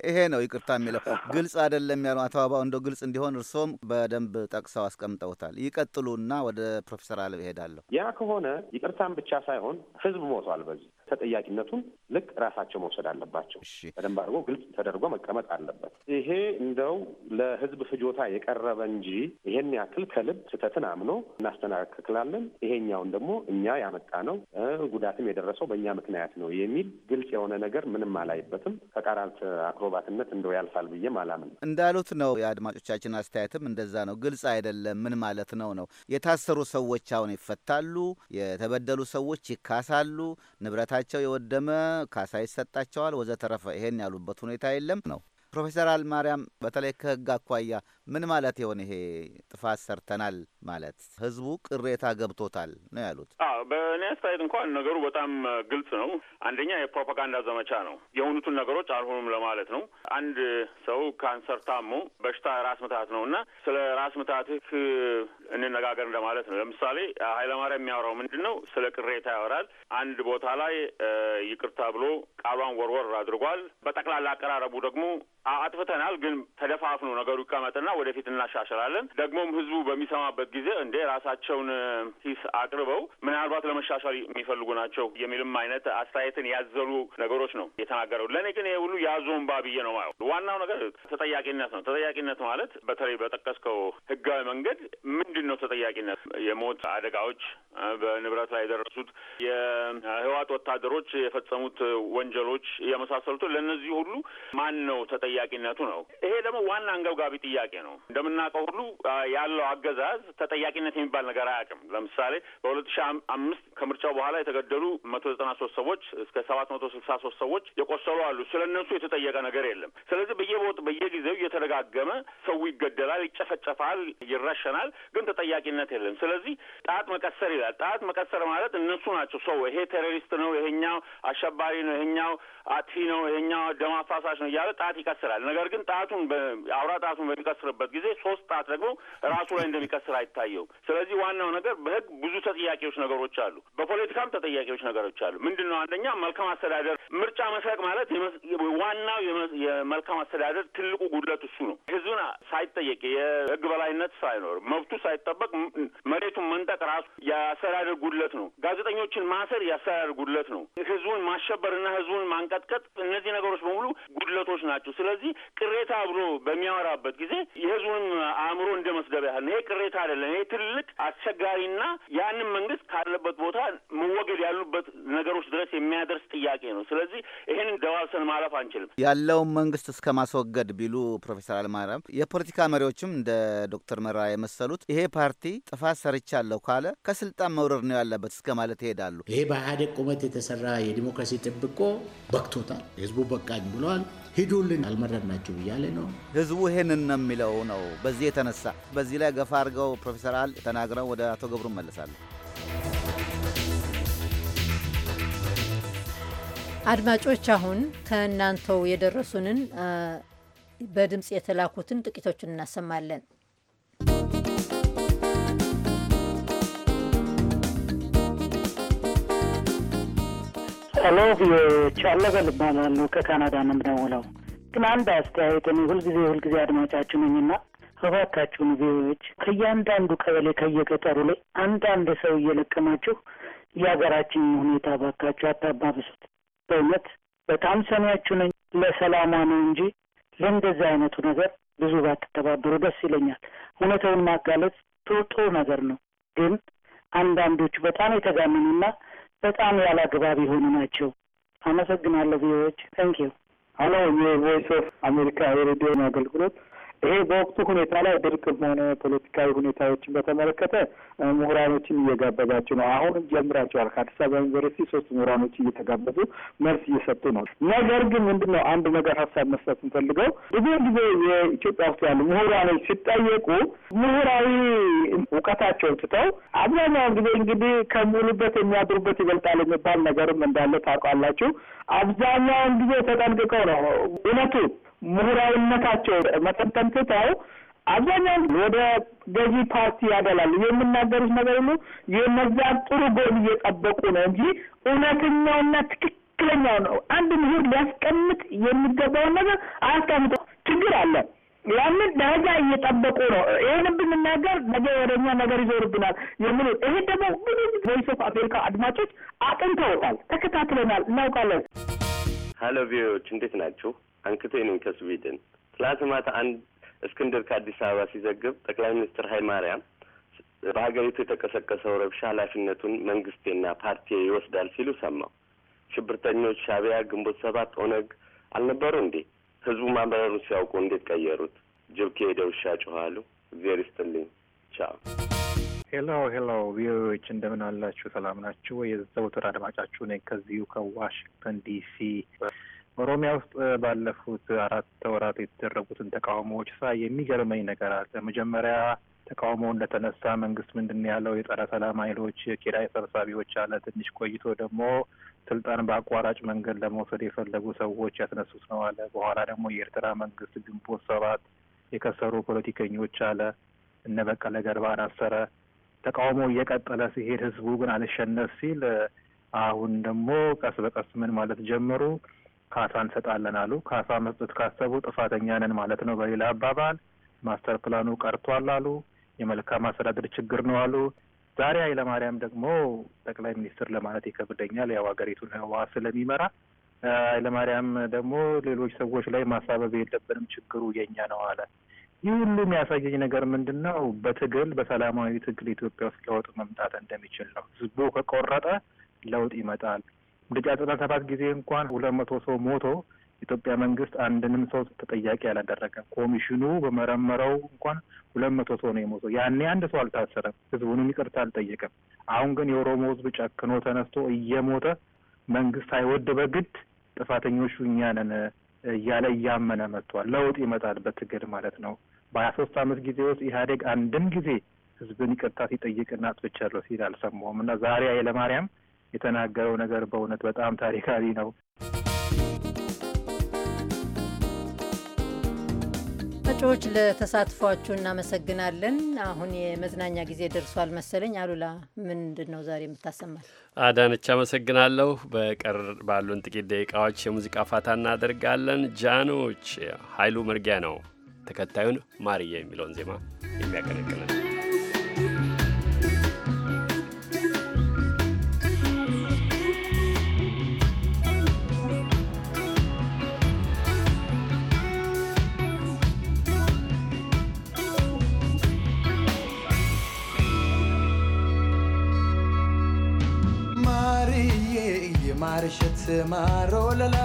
ይሄ ነው ይቅርታ የሚለው ግልጽ አይደለም ያሉ አቶ አባው እንደ ግልጽ እንዲሆን እርስዎም በደንብ ጠቅሰው አስቀምጠውታል። ይቀጥሉና ወደ ፕሮፌሰር አለብ ይሄዳለሁ። ያ ከሆነ ይቅርታን ብቻ ሳይሆን ህዝብ ሞቷል። በዚህ ተጠያቂነቱን ልክ ራሳቸው መውሰድ አለባቸው። በደንብ አድርጎ ግልጽ ተደርጎ መቀመጥ አለበት። ይሄ እንደው ለህዝብ ፍጆታ የቀረበ እንጂ ይሄን ያክል ከልብ ስህተትን አምኖ እናስተናክክላለን፣ ይሄኛውን ደግሞ እኛ ያመጣ ነው፣ ጉዳትም የደረሰው በእኛ ምክንያት ነው የሚል ግልጽ የሆነ ነገር ምንም አላይበትም። ፈቃራት አክሮባትነት እንደው ያልፋል ብዬም አላምን። እንዳሉት ነው የአድማጮቻችን አስተያየትም እንደዛ ነው። ግልጽ አይደለም ምን ማለት ነው ነው የታሰሩ ሰዎች አሁን ይፈታሉ፣ የተበደሉ ሰዎች ይካሳሉ፣ ንብረታ ቤታቸው የወደመ ካሳ ይሰጣቸዋል፣ ወዘተረፈ። ይሄን ያሉበት ሁኔታ የለም ነው ፕሮፌሰር አልማርያም በተለይ ከህግ አኳያ ምን ማለት የሆነ ይሄ ጥፋት ሰርተናል ማለት ህዝቡ ቅሬታ ገብቶታል ነው ያሉት? በእኔ አስተያየት እንኳን ነገሩ በጣም ግልጽ ነው። አንደኛ የፕሮፓጋንዳ ዘመቻ ነው። የሆኑትን ነገሮች አልሆኑም ለማለት ነው። አንድ ሰው ካንሰር ታሞ በሽታ ራስ ምታት ነው እና ስለ ራስ ምታትህ እንነጋገር እንደማለት ነው። ለምሳሌ ኃይለማርያም የሚያወራው ምንድን ነው? ስለ ቅሬታ ያወራል። አንድ ቦታ ላይ ይቅርታ ብሎ ቃሏን ወርወር አድርጓል። በጠቅላላ አቀራረቡ ደግሞ አጥፍተናል፣ ግን ተደፋፍኖ ነገሩ ይቀመጥና ወደፊት እናሻሽላለን። ደግሞም ህዝቡ በሚሰማበት ጊዜ እንደ ራሳቸውን ሂስ አቅርበው ምናልባት ለመሻሻል የሚፈልጉ ናቸው የሚልም አይነት አስተያየትን ያዘሉ ነገሮች ነው የተናገረው። ለእኔ ግን ይሄ ሁሉ ያዞንባ ብዬ ነው ማየው። ዋናው ነገር ተጠያቂነት ነው። ተጠያቂነት ማለት በተለይ በጠቀስከው ህጋዊ መንገድ ምንድን ነው ተጠያቂነት? የሞት አደጋዎች፣ በንብረት ላይ የደረሱት የህዋት ወታደሮች የፈጸሙት ወንጀሎች የመሳሰሉትን ለእነዚህ ሁሉ ማን ነው ተጠ ተጠያቂነቱ ነው። ይሄ ደግሞ ዋና አንገብጋቢ ጥያቄ ነው። እንደምናውቀው ሁሉ ያለው አገዛዝ ተጠያቂነት የሚባል ነገር አያውቅም። ለምሳሌ በሁለት ሺ አምስት ከምርጫው በኋላ የተገደሉ መቶ ዘጠና ሶስት ሰዎች እስከ ሰባት መቶ ስልሳ ሶስት ሰዎች የቆሰሉ አሉ። ስለ እነሱ የተጠየቀ ነገር የለም። ስለዚህ በየቦት በየጊዜው እየተደጋገመ ሰው ይገደላል፣ ይጨፈጨፋል፣ ይረሸናል፣ ግን ተጠያቂነት የለም። ስለዚህ ጣት መቀሰር ይላል። ጣት መቀሰር ማለት እነሱ ናቸው ሰው ይሄ ቴሮሪስት ነው፣ ይሄኛው አሸባሪ ነው፣ ይሄኛው አጥፊ ነው የኛ ደም አፋሳሽ ነው እያለ ጣት ይቀስራል። ነገር ግን ጣቱን አውራ ጣቱን በሚቀስርበት ጊዜ ሶስት ጣት ደግሞ ራሱ ላይ እንደሚቀስር አይታየውም። ስለዚህ ዋናው ነገር በህግ ብዙ ተጠያቂዎች ነገሮች አሉ፣ በፖለቲካም ተጠያቂዎች ነገሮች አሉ። ምንድን ነው አንደኛ መልካም አስተዳደር ምርጫ መስረቅ ማለት ዋናው የመልካም አስተዳደር ትልቁ ጉድለት እሱ ነው። ህዝብን ሳይጠየቅ የህግ በላይነት ሳይኖር መብቱ ሳይጠበቅ መሬቱን መንጠቅ ራሱ የአስተዳደር ጉድለት ነው። ጋዜጠኞችን ማሰር የአስተዳደር ጉድለት ነው። ህዝቡን ማሸበርና ህዝቡን ማንቀ መንቀጥቀጥ፣ እነዚህ ነገሮች በሙሉ ጉድለቶች ናቸው። ስለዚህ ቅሬታ ብሎ በሚያወራበት ጊዜ የህዝቡን አእምሮ እንደ መስደብ ያህል ይሄ ቅሬታ አይደለም። ይሄ ትልቅ አስቸጋሪና ያንን መንግስት ካለበት ቦታ መወገድ ያሉበት ነገሮች ድረስ የሚያደርስ ጥያቄ ነው። ስለዚህ ይህን ደባብሰን ማለፍ አንችልም። ያለውን መንግስት እስከ ማስወገድ ቢሉ ፕሮፌሰር አልማረም የፖለቲካ መሪዎችም እንደ ዶክተር መራ የመሰሉት ይሄ ፓርቲ ጥፋት ሰርቻለሁ ካለ ከስልጣን መውረድ ነው ያለበት እስከ ማለት ይሄዳሉ። ይሄ በኢህአዴግ ቁመት የተሰራ የዲሞክራሲ ጥብቆ በቅቶታል። ህዝቡ በቃኝ ብለዋል። ሂዱልን አልመረድናችሁ እያለ ነው ህዝቡ። ይህንን ነው የሚለው ነው። በዚህ የተነሳ በዚህ ላይ ገፋ አድርገው ፕሮፌሰር አል ተናግረው ወደ አቶ ገብሩ መለሳለ። አድማጮች አሁን ከእናንተው የደረሱንን በድምፅ የተላኩትን ጥቂቶችን እናሰማለን። ሄሎ ቪኦኤዎች አለበል እባላለሁ ከካናዳ ነው የምደውለው። ግን አንድ አስተያየት እኔ ሁልጊዜ ሁልጊዜ አድማጫችሁ ነኝና እባካችሁን ቪኦኤዎች ከእያንዳንዱ ቀበሌ ከየገጠሩ ላይ አንዳንድ ሰው እየለቀማችሁ የሀገራችን ሁኔታ ባካችሁ አታባብሱት። በእውነት በጣም ሰሚያችሁ ነኝ። ለሰላማ ነው እንጂ ለእንደዚህ አይነቱ ነገር ብዙ ባትተባበሩ ደስ ይለኛል። እውነተውን ማጋለጽ ጥሩ ጥሩ ነገር ነው። ግን አንዳንዶቹ በጣም የተጋነኑና በጣም ያለ አግባብ የሆኑ ናቸው። አመሰግናለሁ። ቪዎች ታንኪዩ። ሀሎ የቮይስ ኦፍ አሜሪካ የሬዲዮ አገልግሎት ይሄ በወቅቱ ሁኔታ ላይ ድርቅም ሆነ ፖለቲካዊ ሁኔታዎችን በተመለከተ ምሁራኖችን እየጋበዛቸው ነው። አሁንም ጀምራቸዋል። ከአዲስ አበባ ዩኒቨርሲቲ ሶስት ምሁራኖች እየተጋበዙ መልስ እየሰጡ ነው። ነገር ግን ምንድን ነው አንድ ነገር ሀሳብ መስጠት እንፈልገው ብዙ ጊዜ የኢትዮጵያ ውስጥ ያሉ ምሁራኖች ሲጠየቁ ምሁራዊ እውቀታቸውን ትተው አብዛኛውን ጊዜ እንግዲህ ከሚውሉበት የሚያድሩበት ይበልጣል የሚባል ነገርም እንዳለ ታውቃላችሁ። አብዛኛውን ጊዜ ተጠንቅቀው ነው እውነቱ ምሁራዊነታቸው መጠን ትተው አብዛኛው ወደ ገዢ ፓርቲ ያደላሉ። የምናገሩት ነገር ሁሉ የነዚያ ጥሩ ጎን እየጠበቁ ነው እንጂ እውነተኛውና ትክክለኛው ነው። አንድ ምሁር ሊያስቀምጥ የሚገባውን ነገር አያስቀምጠ ችግር አለ። ያንን ደረጃ እየጠበቁ ነው። ይህን ብንናገር ነገ ወደ ወደኛ ነገር ይዞርብናል የሚሉ ይሄ ደግሞ ብዙ ቮይስ ኦፍ አሜሪካ አድማጮች አጥንተውታል፣ ተከታትለናል፣ እናውቃለን። ሀሎ ቪዎች እንዴት ናችሁ? አንክቴ ነኝ ከስዊድን። ትላንት ማታ አንድ እስክንድር ከአዲስ አበባ ሲዘግብ ጠቅላይ ሚኒስትር ማርያም በሀገሪቱ የተቀሰቀሰው ረብሻ ኃላፊነቱን መንግስቴና ፓርቲ ይወስዳል ሲሉ ሰማው። ሽብርተኞች ሻቢያ ግንቦት ሰባት፣ ኦነግ አልነበሩ እንዴ? ህዝቡ ማንበረሩ ሲያውቁ እንዴት ቀየሩት? ጅብ ከሄደ ውሻ ጮኋሉ። እግዜር ይስጥልኝ። ቻው ሄሎ ሄሎ ቪኦኤዎች እንደምን አላችሁ? ሰላም ናችሁ? የዘውትር አድማጫችሁ ነኝ ከዚሁ ከዋሽንግተን ዲሲ። ኦሮሚያ ውስጥ ባለፉት አራት ወራት የተደረጉትን ተቃውሞዎች ሳ የሚገርመኝ ነገር አለ። መጀመሪያ ተቃውሞ እንደተነሳ መንግስት ምንድን ያለው የጸረ ሰላም ኃይሎች ኪራይ ሰብሳቢዎች አለ። ትንሽ ቆይቶ ደግሞ ስልጣን በአቋራጭ መንገድ ለመውሰድ የፈለጉ ሰዎች ያስነሱት ነው አለ። በኋላ ደግሞ የኤርትራ መንግስት ግንቦት ሰባት የከሰሩ ፖለቲከኞች አለ። እነ በቀለ ገርባን አሰረ። ተቃውሞ እየቀጠለ ሲሄድ ህዝቡ ግን አልሸነፍ ሲል አሁን ደግሞ ቀስ በቀስ ምን ማለት ጀመሩ? ካሳ እንሰጣለን አሉ። ካሳ መስጠት ካሰቡ ጥፋተኛ ነን ማለት ነው። በሌላ አባባል ማስተር ፕላኑ ቀርቷል አሉ። የመልካም አስተዳደር ችግር ነው አሉ። ዛሬ ኃይለማርያም ደግሞ ጠቅላይ ሚኒስትር ለማለት ይከብደኛል፣ ያው ሀገሪቱን ህዋ ስለሚመራ ኃይለማርያም ደግሞ ሌሎች ሰዎች ላይ ማሳበብ የለብንም ችግሩ የኛ ነው አለ። ይህ ሁሉ የሚያሳየኝ ነገር ምንድን ነው? በትግል በሰላማዊ ትግል ኢትዮጵያ ውስጥ ለውጥ መምጣት እንደሚችል ነው። ህዝቡ ከቆረጠ ለውጥ ይመጣል። ምርጫ ዘጠና ሰባት ጊዜ እንኳን ሁለት መቶ ሰው ሞቶ ኢትዮጵያ መንግስት አንድንም ሰው ተጠያቂ አላደረገም። ኮሚሽኑ በመረመረው እንኳን ሁለት መቶ ሰው ነው የሞተው። ያኔ አንድ ሰው አልታሰረም፣ ህዝቡንም ይቅርታ አልጠየቀም። አሁን ግን የኦሮሞ ህዝብ ጨክኖ ተነስቶ እየሞተ መንግስት ሳይወድ በግድ ጥፋተኞቹ እኛ ነን እያለ እያመነ መጥቷል። ለውጥ ይመጣል በትግል ማለት ነው። በሀያ ሶስት አመት ጊዜ ውስጥ ኢህአዴግ አንድም ጊዜ ህዝብን ይቅርታ ሲጠይቅና አጥፍቻለሁ ሲል አልሰማሁም እና ዛሬ ኃይለማርያም የተናገረው ነገር በእውነት በጣም ታሪካዊ ነው። አድማጮች ለተሳትፏችሁ እናመሰግናለን። አሁን የመዝናኛ ጊዜ ደርሷል መሰለኝ። አሉላ ምንድን ነው ዛሬ የምታሰማል? አዳነች አመሰግናለሁ። በቀር ባሉን ጥቂት ደቂቃዎች የሙዚቃ ፋታ እናደርጋለን። ጃኖች ሀይሉ መርጊያ ነው ተከታዩን ማርዬ የሚለውን ዜማ የሚያቀነቅለን ማርሸት ማሮ ለላ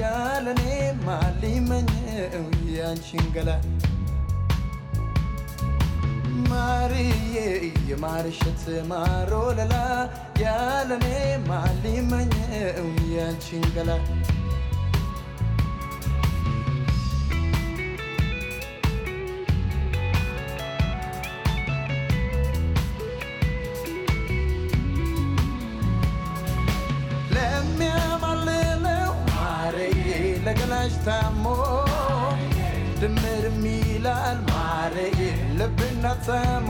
ያለኔ ማሊመኘው ያንቺን ገላ ማርዬ የማርሸት ማሮ ያለኔ ማሊመኘው ያንቺን ገላ ነሽ ታሞ ሚላል ማረዬ ልብና ተሞ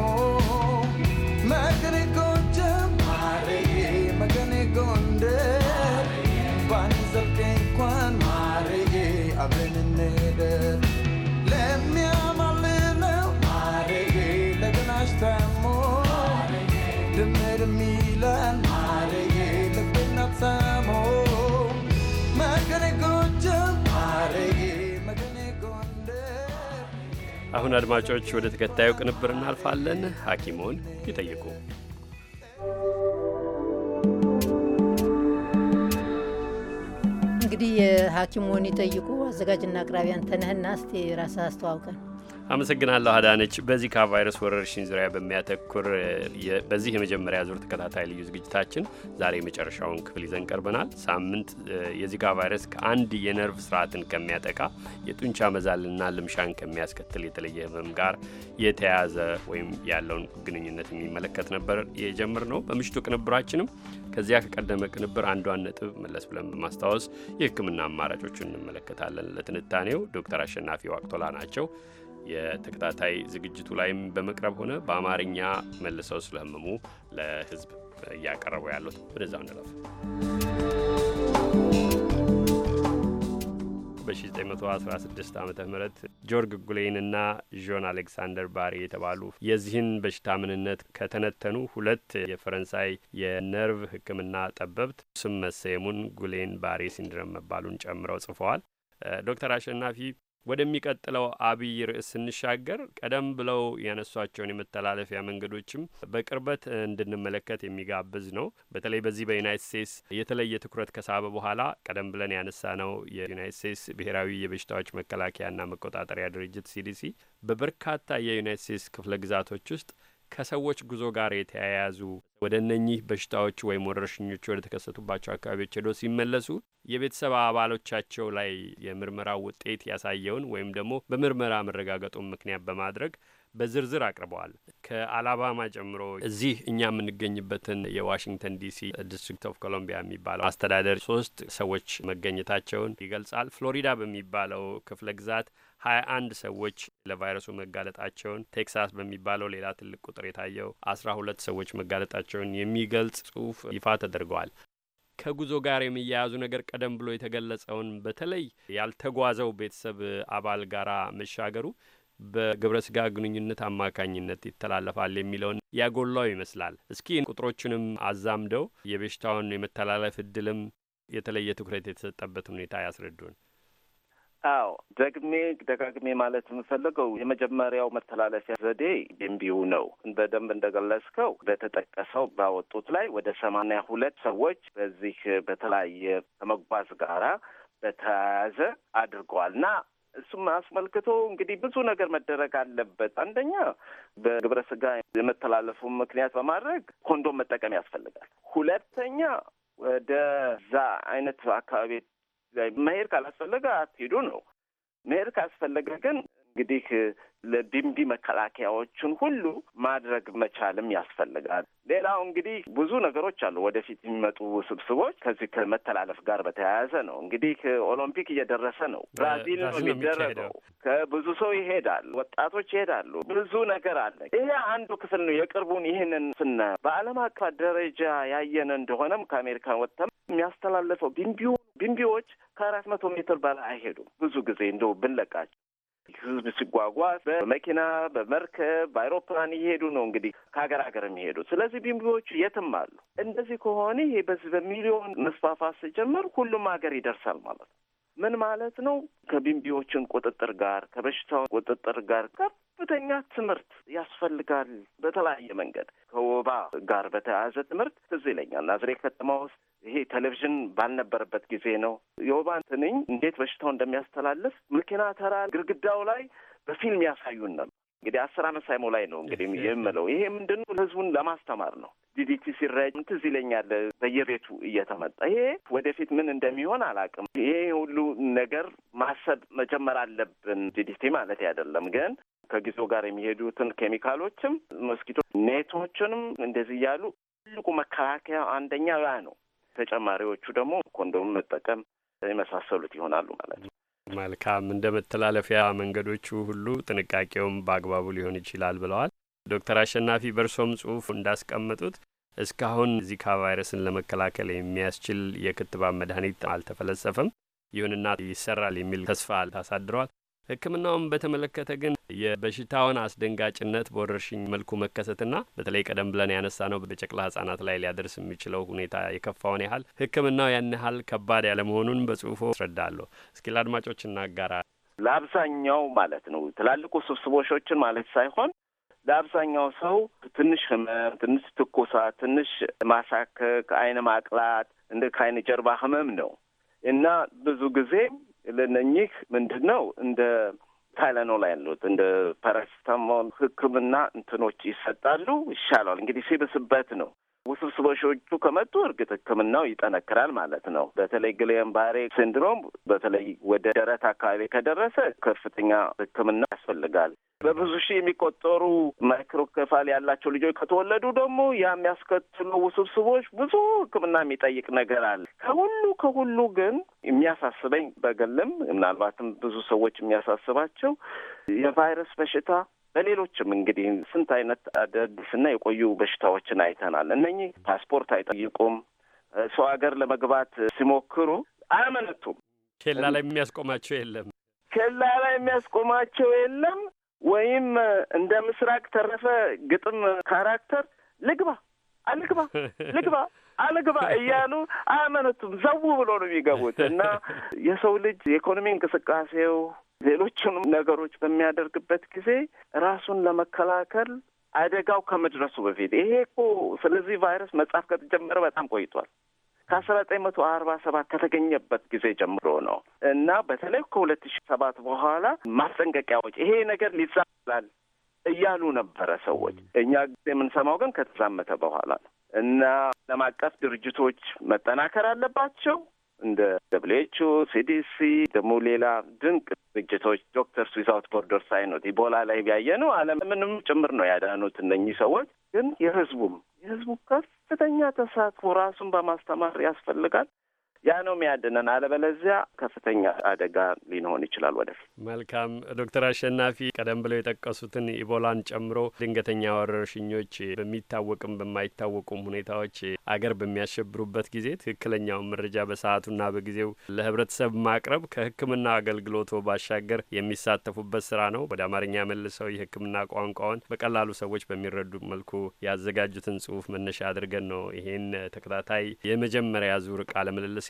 መገኔ ጎጃም ማረዬ መገኔ ጎንደር እንኳን ማረዬ አብረን እንሄደር አሁን አድማጮች ወደ ተከታዩ ቅንብር እናልፋለን። ሐኪሞን ይጠይቁ እንግዲህ የሐኪሙን ይጠይቁ አዘጋጅና አቅራቢ አንተነህና እስቲ ራስህ አስተዋውቀን። አመሰግናለሁ አዳነች። በዚካ ቫይረስ ወረርሽኝ ዙሪያ በሚያተኩር በዚህ የመጀመሪያ ዙር ተከታታይ ልዩ ዝግጅታችን ዛሬ የመጨረሻውን ክፍል ይዘን ቀርበናል። ሳምንት የዚካ ቫይረስ ከአንድ የነርቭ ስርዓትን ከሚያጠቃ የጡንቻ መዛልና ልምሻን ከሚያስከትል የተለየ ህመም ጋር የተያያዘ ወይም ያለውን ግንኙነት የሚመለከት ነበር ነው። በምሽቱ ቅንብራችንም ከዚያ ከቀደመ ቅንብር አንዷን ነጥብ መለስ ብለን በማስታወስ የህክምና አማራጮችን እንመለከታለን። ለትንታኔው ዶክተር አሸናፊ ዋቅቶላ ናቸው። የተከታታይ ዝግጅቱ ላይም በመቅረብ ሆነ በአማርኛ መልሰው ስለህመሙ ለህዝብ እያቀረቡ ያሉት ወደዛው እንለፍ። በ1916 ዓ ም ጆርግ እና ዦን አሌክሳንደር ባሬ የተባሉ የዚህን በሽታ ምንነት ከተነተኑ ሁለት የፈረንሳይ የነርቭ ሕክምና ጠበብት ስም መሰየሙን ጉሌን ባሬ ሲንድረም መባሉን ጨምረው ጽፈዋል። ዶክተር አሸናፊ ወደሚቀጥለው አብይ ርዕስ ስንሻገር ቀደም ብለው ያነሷቸውን የመተላለፊያ መንገዶችም በቅርበት እንድንመለከት የሚጋብዝ ነው። በተለይ በዚህ በዩናይት ስቴትስ የተለየ ትኩረት ከሳበ በኋላ ቀደም ብለን ያነሳ ነው የዩናይት ስቴትስ ብሔራዊ የበሽታዎች መከላከያና መቆጣጠሪያ ድርጅት ሲዲሲ በበርካታ የዩናይት ስቴትስ ክፍለ ግዛቶች ውስጥ ከሰዎች ጉዞ ጋር የተያያዙ ወደ እነኚህ በሽታዎች ወይም ወረርሽኞች ወደ ተከሰቱባቸው አካባቢዎች ሄዶ ሲመለሱ የቤተሰብ አባሎቻቸው ላይ የምርመራ ውጤት ያሳየውን ወይም ደግሞ በምርመራ መረጋገጡን ምክንያት በማድረግ በዝርዝር አቅርበዋል። ከአላባማ ጨምሮ እዚህ እኛ የምንገኝበትን የዋሽንግተን ዲሲ ዲስትሪክት ኦፍ ኮሎምቢያ የሚባለው አስተዳደር ሶስት ሰዎች መገኘታቸውን ይገልጻል። ፍሎሪዳ በሚባለው ክፍለ ግዛት ሀያ አንድ ሰዎች ለቫይረሱ መጋለጣቸውን ቴክሳስ በሚባለው ሌላ ትልቅ ቁጥር የታየው አስራ ሁለት ሰዎች መጋለጣቸውን የሚገልጽ ጽሁፍ ይፋ ተደርገዋል። ከጉዞ ጋር የሚያያዙ ነገር ቀደም ብሎ የተገለጸውን በተለይ ያልተጓዘው ቤተሰብ አባል ጋራ መሻገሩ በግብረ ስጋ ግንኙነት አማካኝነት ይተላለፋል የሚለውን ያጎላው ይመስላል። እስኪ ቁጥሮቹንም አዛምደው የበሽታውን የመተላለፍ እድልም የተለየ ትኩረት የተሰጠበት ሁኔታ ያስረዱን። አዎ ደግሜ ደጋግሜ ማለት የምፈልገው የመጀመሪያው መተላለፊያ ዘዴ ቢምቢው ነው። በደንብ እንደገለጽከው በተጠቀሰው ባወጡት ላይ ወደ ሰማንያ ሁለት ሰዎች በዚህ በተለያየ ከመጓዝ ጋራ በተያያዘ አድርገዋል እና እሱም አስመልክቶ እንግዲህ ብዙ ነገር መደረግ አለበት። አንደኛ በግብረ ስጋ የመተላለፉን ምክንያት በማድረግ ኮንዶም መጠቀም ያስፈልጋል። ሁለተኛ ወደዛ አይነት አካባቢ መሄድ ካላስፈለገ አትሄዱ ነው። መሄድ ካስፈለገ ግን እንግዲህ ለቢምቢ መከላከያዎችን ሁሉ ማድረግ መቻልም ያስፈልጋል። ሌላው እንግዲህ ብዙ ነገሮች አሉ ወደፊት የሚመጡ ስብስቦች ከዚህ ከመተላለፍ ጋር በተያያዘ ነው። እንግዲህ ኦሎምፒክ እየደረሰ ነው። ብራዚል ነው የሚደረገው። ከብዙ ሰው ይሄዳል፣ ወጣቶች ይሄዳሉ። ብዙ ነገር አለ። ይሄ አንዱ ክፍል ነው። የቅርቡን ይህንን ስናየው በዓለም አቀፍ ደረጃ ያየን እንደሆነም ከአሜሪካን ወጥተም የሚያስተላልፈው ቢምቢው ቢምቢዎች ከአራት መቶ ሜትር በላይ አይሄዱም። ብዙ ጊዜ እንደው ብንለቃቸው ህዝብ ሲጓጓዝ በመኪና በመርከብ በአይሮፕላን እየሄዱ ነው እንግዲህ ከሀገር ሀገር የሚሄዱ ስለዚህ ቢምቢዎቹ የትም አሉ። እንደዚህ ከሆነ ይሄ በዚህ በሚሊዮን መስፋፋት ሲጀመር ሁሉም ሀገር ይደርሳል ማለት ነው። ምን ማለት ነው? ከቢምቢዎችን ቁጥጥር ጋር ከበሽታው ቁጥጥር ጋር ከፍተኛ ትምህርት ያስፈልጋል። በተለያየ መንገድ ከወባ ጋር በተያያዘ ትምህርት ትዝ ይለኛል ናዝሬት ከተማ ውስጥ ይሄ ቴሌቪዥን ባልነበረበት ጊዜ ነው። የወባ ትንኝ እንዴት በሽታው እንደሚያስተላልፍ መኪና ተራ ግድግዳው ላይ በፊልም ያሳዩን ነው። እንግዲህ አስር አመት ሳይሞ ላይ ነው እንግዲህ የምለው ይሄ ምንድን ነው ህዝቡን ለማስተማር ነው። ዲዲቲ ሲረጅ ትዝ ይለኛል በየቤቱ እየተመጣ ይሄ ወደፊት ምን እንደሚሆን አላውቅም። ይሄ ሁሉ ነገር ማሰብ መጀመር አለብን። ዲዲቲ ማለት አይደለም ግን ከጊዜው ጋር የሚሄዱትን ኬሚካሎችም መስኪቶ ኔቶችንም እንደዚህ እያሉ ትልቁ መከላከያ አንደኛ ያ ነው። ተጨማሪዎቹ ደግሞ ኮንዶም መጠቀም የመሳሰሉት ይሆናሉ ማለት ነው። መልካም እንደ መተላለፊያ መንገዶቹ ሁሉ ጥንቃቄውም በአግባቡ ሊሆን ይችላል ብለዋል ዶክተር አሸናፊ በእርሶም ጽሁፍ እንዳስቀመጡት እስካሁን ዚካ ቫይረስን ለመከላከል የሚያስችል የክትባት መድኃኒት አልተፈለሰፈም። ይሁንና ይሰራል የሚል ተስፋ ታሳድረዋል። ሕክምናውን በተመለከተ ግን የበሽታውን አስደንጋጭነት በወረርሽኝ መልኩ መከሰትና በተለይ ቀደም ብለን ያነሳ ነው በጨቅላ ህጻናት ላይ ሊያደርስ የሚችለው ሁኔታ የከፋውን ያህል ሕክምናው ያን ያህል ከባድ ያለመሆኑን በጽሁፎ አስረዳለሁ። እስኪ ለአድማጮች እናጋራ። ለአብዛኛው ማለት ነው ትላልቁ ስብስቦሾችን ማለት ሳይሆን ለአብዛኛው ሰው ትንሽ ህመም፣ ትንሽ ትኩሳት፣ ትንሽ ማሳከክ፣ አይነ ማቅላት እንደ ከአይነ ጀርባ ህመም ነው እና ብዙ ጊዜ ለነኚህ ምንድን ነው እንደ ታይለኖል ያሉት እንደ ፓራሲታሞል ሕክምና እንትኖች ይሰጣሉ፣ ይሻላል እንግዲህ ሲብስበት ነው ውስብስቦቹ ከመጡ እርግጥ ሕክምናው ይጠነክራል ማለት ነው። በተለይ ግሌን ባሬ ሲንድሮም በተለይ ወደ ደረት አካባቢ ከደረሰ ከፍተኛ ሕክምና ያስፈልጋል። በብዙ ሺህ የሚቆጠሩ ማይክሮኬፋል ያላቸው ልጆች ከተወለዱ ደግሞ ያ የሚያስከትሉ ውስብስቦች ብዙ ሕክምና የሚጠይቅ ነገር አለ። ከሁሉ ከሁሉ ግን የሚያሳስበኝ በግልም ምናልባትም ብዙ ሰዎች የሚያሳስባቸው የቫይረስ በሽታ በሌሎችም እንግዲህ ስንት አይነት አዳዲስና የቆዩ በሽታዎችን አይተናል። እነኚህ ፓስፖርት አይጠይቁም። ሰው ሀገር ለመግባት ሲሞክሩ አያመነቱም። ኬላ ላይ የሚያስቆማቸው የለም። ኬላ ላይ የሚያስቆማቸው የለም። ወይም እንደ ምስራቅ ተረፈ ግጥም ካራክተር ልግባ አልግባ ልግባ አልግባ እያሉ አያመነቱም። ዘው ብሎ ነው የሚገቡት እና የሰው ልጅ የኢኮኖሚ እንቅስቃሴው ሌሎችንም ነገሮች በሚያደርግበት ጊዜ ራሱን ለመከላከል አደጋው ከመድረሱ በፊት ይሄ እኮ ስለዚህ ቫይረስ መጽሐፍ ከተጀመረ በጣም ቆይቷል። ከአስራ ዘጠኝ መቶ አርባ ሰባት ከተገኘበት ጊዜ ጀምሮ ነው እና በተለይ ከሁለት ሺ ሰባት በኋላ ማስጠንቀቂያዎች ይሄ ነገር ሊዛላል እያሉ ነበረ ሰዎች። እኛ ጊዜ የምንሰማው ግን ከተዛመተ በኋላ ነው እና ዓለም አቀፍ ድርጅቶች መጠናከር አለባቸው እንደ ደብሊው ኤች ኦ፣ ሲዲሲ ደግሞ ሌላ ድንቅ ዝግጅቶች ዶክተር ዊዛውት ቦርደር ሳይኖት ኢቦላ ላይ ቢያየ ነው ዓለምንም ጭምር ነው ያዳኑት እነኚህ ሰዎች። ግን የህዝቡም የህዝቡ ከፍተኛ ተሳትፎ ራሱን በማስተማር ያስፈልጋል። ያ ነው የሚያድነን። አለበለዚያ ከፍተኛ አደጋ ሊሆን ይችላል ወደፊት። መልካም ዶክተር አሸናፊ ቀደም ብለው የጠቀሱትን ኢቦላን ጨምሮ ድንገተኛ ወረርሽኞች በሚታወቅም በማይታወቁም ሁኔታዎች አገር በሚያሸብሩበት ጊዜ ትክክለኛውን መረጃ በሰዓቱና በጊዜው ለህብረተሰብ ማቅረብ ከህክምና አገልግሎቶ ባሻገር የሚሳተፉበት ስራ ነው። ወደ አማርኛ መልሰው የህክምና ቋንቋውን በቀላሉ ሰዎች በሚረዱ መልኩ ያዘጋጁትን ጽሁፍ መነሻ አድርገን ነው ይሄን ተከታታይ የመጀመሪያ ዙር ቃለ ምልልስ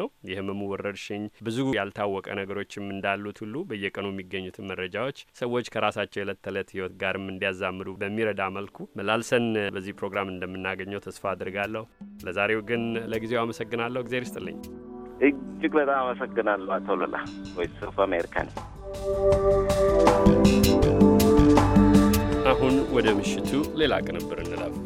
ነው የህመሙ ወረርሽኝ ብዙ ያልታወቀ ነገሮችም እንዳሉት ሁሉ በየቀኑ የሚገኙትን መረጃዎች ሰዎች ከራሳቸው የዕለት ተዕለት ህይወት ጋርም እንዲያዛምዱ በሚረዳ መልኩ መላልሰን በዚህ ፕሮግራም እንደምናገኘው ተስፋ አድርጋለሁ። ለዛሬው ግን ለጊዜው አመሰግናለሁ። እግዜር ይስጥልኝ። እጅግ በጣም አመሰግናለሁ አቶ ሉላ ቮይስ ኦፍ አሜሪካን። አሁን ወደ ምሽቱ ሌላ ቅንብር እንለፍ።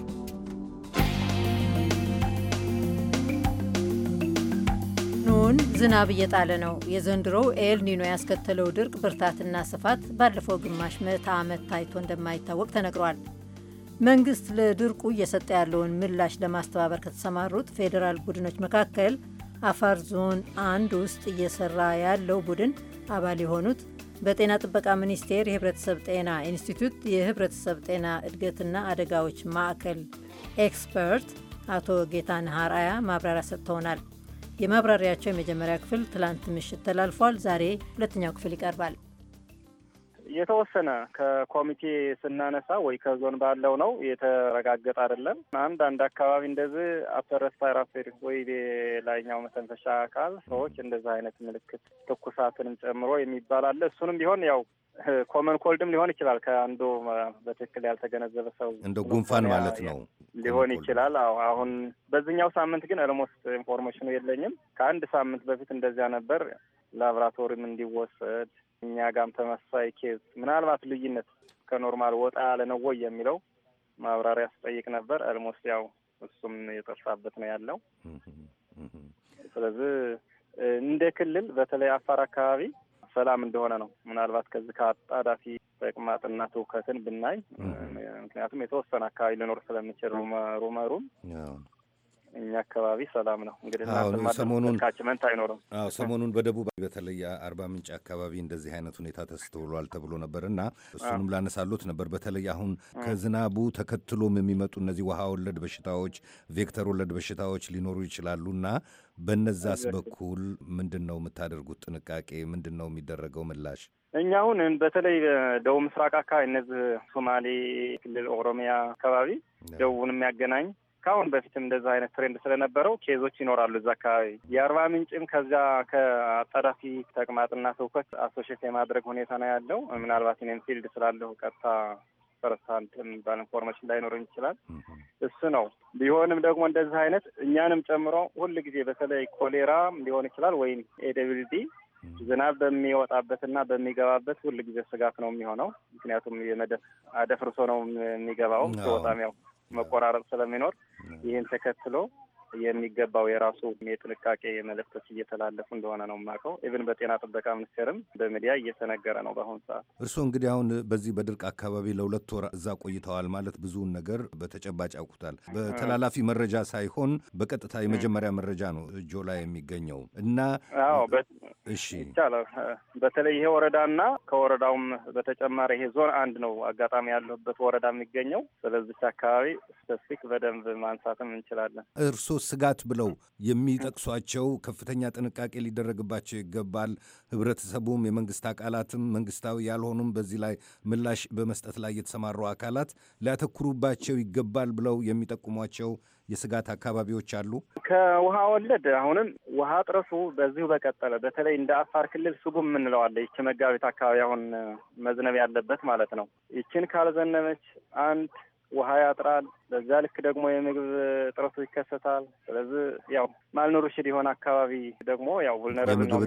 ኑን ዝናብ እየጣለ ነው። የዘንድሮው ኤል ኒኖ ያስከተለው ድርቅ ብርታትና ስፋት ባለፈው ግማሽ ምዕተ ዓመት ታይቶ እንደማይታወቅ ተነግሯል። መንግስት ለድርቁ እየሰጠ ያለውን ምላሽ ለማስተባበር ከተሰማሩት ፌዴራል ቡድኖች መካከል አፋር ዞን አንድ ውስጥ እየሰራ ያለው ቡድን አባል የሆኑት በጤና ጥበቃ ሚኒስቴር የህብረተሰብ ጤና ኢንስቲትዩት የህብረተሰብ ጤና እድገትና አደጋዎች ማዕከል ኤክስፐርት አቶ ጌታ ነሃር አያ ማብራሪያ ሰጥተውናል። የማብራሪያቸው የመጀመሪያ ክፍል ትላንት ምሽት ተላልፏል። ዛሬ ሁለተኛው ክፍል ይቀርባል። የተወሰነ ከኮሚቴ ስናነሳ ወይ ከዞን ባለው ነው የተረጋገጠ አይደለም። አንድ አንድ አካባቢ እንደዚህ አፐር ሬስፓይራቶሪ ወይ ላይኛው መተንፈሻ አካል ሰዎች እንደዚህ አይነት ምልክት ትኩሳትንም ጨምሮ የሚባል አለ። እሱንም ቢሆን ያው ኮመን ኮልድም ሊሆን ይችላል። ከአንዱ በትክክል ያልተገነዘበ ሰው እንደ ጉንፋን ማለት ነው ሊሆን ይችላል። አዎ አሁን በዚህኛው ሳምንት ግን አልሞስት ኢንፎርሜሽኑ የለኝም። ከአንድ ሳምንት በፊት እንደዚያ ነበር። ላብራቶሪም እንዲወሰድ እኛ ጋም ተመሳሳይ ኬዝ ምናልባት ልዩነት ከኖርማል ወጣ ያለ ነው ወይ የሚለው ማብራሪያ ስጠይቅ ነበር። አልሞስት ያው እሱም የጠፋበት ነው ያለው። ስለዚህ እንደ ክልል በተለይ አፋር አካባቢ ሰላም እንደሆነ ነው። ምናልባት ከዚህ ከአጣዳፊ ተቅማጥና ትውከትን ብናይ ምክንያቱም የተወሰነ አካባቢ ልኖር ስለምችል ሩመሩም እኛ አካባቢ ሰላም ነው። እንግዲህ ሰሞኑን ካችመንት አይኖርም። አዎ ሰሞኑን በደቡብ በተለይ አርባ ምንጭ አካባቢ እንደዚህ አይነት ሁኔታ ተስተውሏል ተብሎ ነበር እና እሱንም ላነሳሉት ነበር። በተለይ አሁን ከዝናቡ ተከትሎም የሚመጡ እነዚህ ውሃ ወለድ በሽታዎች፣ ቬክተር ወለድ በሽታዎች ሊኖሩ ይችላሉ እና በነዛስ በኩል ምንድን ነው የምታደርጉት ጥንቃቄ? ምንድን ነው የሚደረገው ምላሽ? እኛ አሁን በተለይ ደቡብ ምስራቅ አካባቢ እነዚህ ሶማሌ ክልል፣ ኦሮሚያ አካባቢ ደቡቡን የሚያገናኝ ከአሁን በፊትም እንደዛ አይነት ትሬንድ ስለነበረው ኬዞች ይኖራሉ እዛ አካባቢ። የአርባ ምንጭም ከዚያ ከአጣዳፊ ተቅማጥና ትውከት አሶሽት የማድረግ ሁኔታ ነው ያለው። ምናልባት ኔም ፊልድ ስላለሁ ቀጥታ ፈረስታንድ የሚባል ኢንፎርሜሽን ላይኖር ይችላል። እሱ ነው ቢሆንም ደግሞ እንደዚህ አይነት እኛንም ጨምሮ ሁል ጊዜ በተለይ ኮሌራ ሊሆን ይችላል ወይም ኤደብልዲ ዝናብ በሚወጣበትና በሚገባበት ሁል ጊዜ ስጋት ነው የሚሆነው። ምክንያቱም የመደፍ አደፍርሶ ነው የሚገባው ወጣሚያው መቆራረጥ ስለሚኖር ይህን ተከትሎ የሚገባው የራሱ የጥንቃቄ መልእክቶች እየተላለፉ እንደሆነ ነው የማውቀው። ኢቭን በጤና ጥበቃ ሚኒስቴርም በሚዲያ እየተነገረ ነው በአሁኑ ሰዓት። እርስዎ እንግዲህ አሁን በዚህ በድርቅ አካባቢ ለሁለት ወር እዛ ቆይተዋል ማለት ብዙውን ነገር በተጨባጭ ያውቁታል። በተላላፊ መረጃ ሳይሆን በቀጥታ የመጀመሪያ መረጃ ነው እጆ ላይ የሚገኘው እና እሺ ይቻላል። በተለይ ይሄ ወረዳና ከወረዳውም በተጨማሪ ይሄ ዞን አንድ ነው አጋጣሚ ያለበት ወረዳ የሚገኘው። ስለዚች አካባቢ ስፔሲፊክ በደንብ ማንሳትም እንችላለን። እርሶ ስጋት ብለው የሚጠቅሷቸው ከፍተኛ ጥንቃቄ ሊደረግባቸው ይገባል። ህብረተሰቡም፣ የመንግስት አካላትም፣ መንግስታዊ ያልሆኑም በዚህ ላይ ምላሽ በመስጠት ላይ የተሰማሩ አካላት ሊያተኩሩባቸው ይገባል ብለው የሚጠቁሟቸው የስጋት አካባቢዎች አሉ። ከውሃ ወለድ አሁንም ውሃ ጥረሱ በዚሁ በቀጠለ በተለይ እንደ አፋር ክልል ስጉም የምንለዋለ ይቺ መጋቢት አካባቢ አሁን መዝነብ ያለበት ማለት ነው። ይችን ካልዘነበች አንድ ውሃ ያጥራል። በዛ ልክ ደግሞ የምግብ እጥረቱ ይከሰታል። ስለዚህ ያው ማልኑር የሆነ አካባቢ ደግሞ ያው ቡልነረብል ነው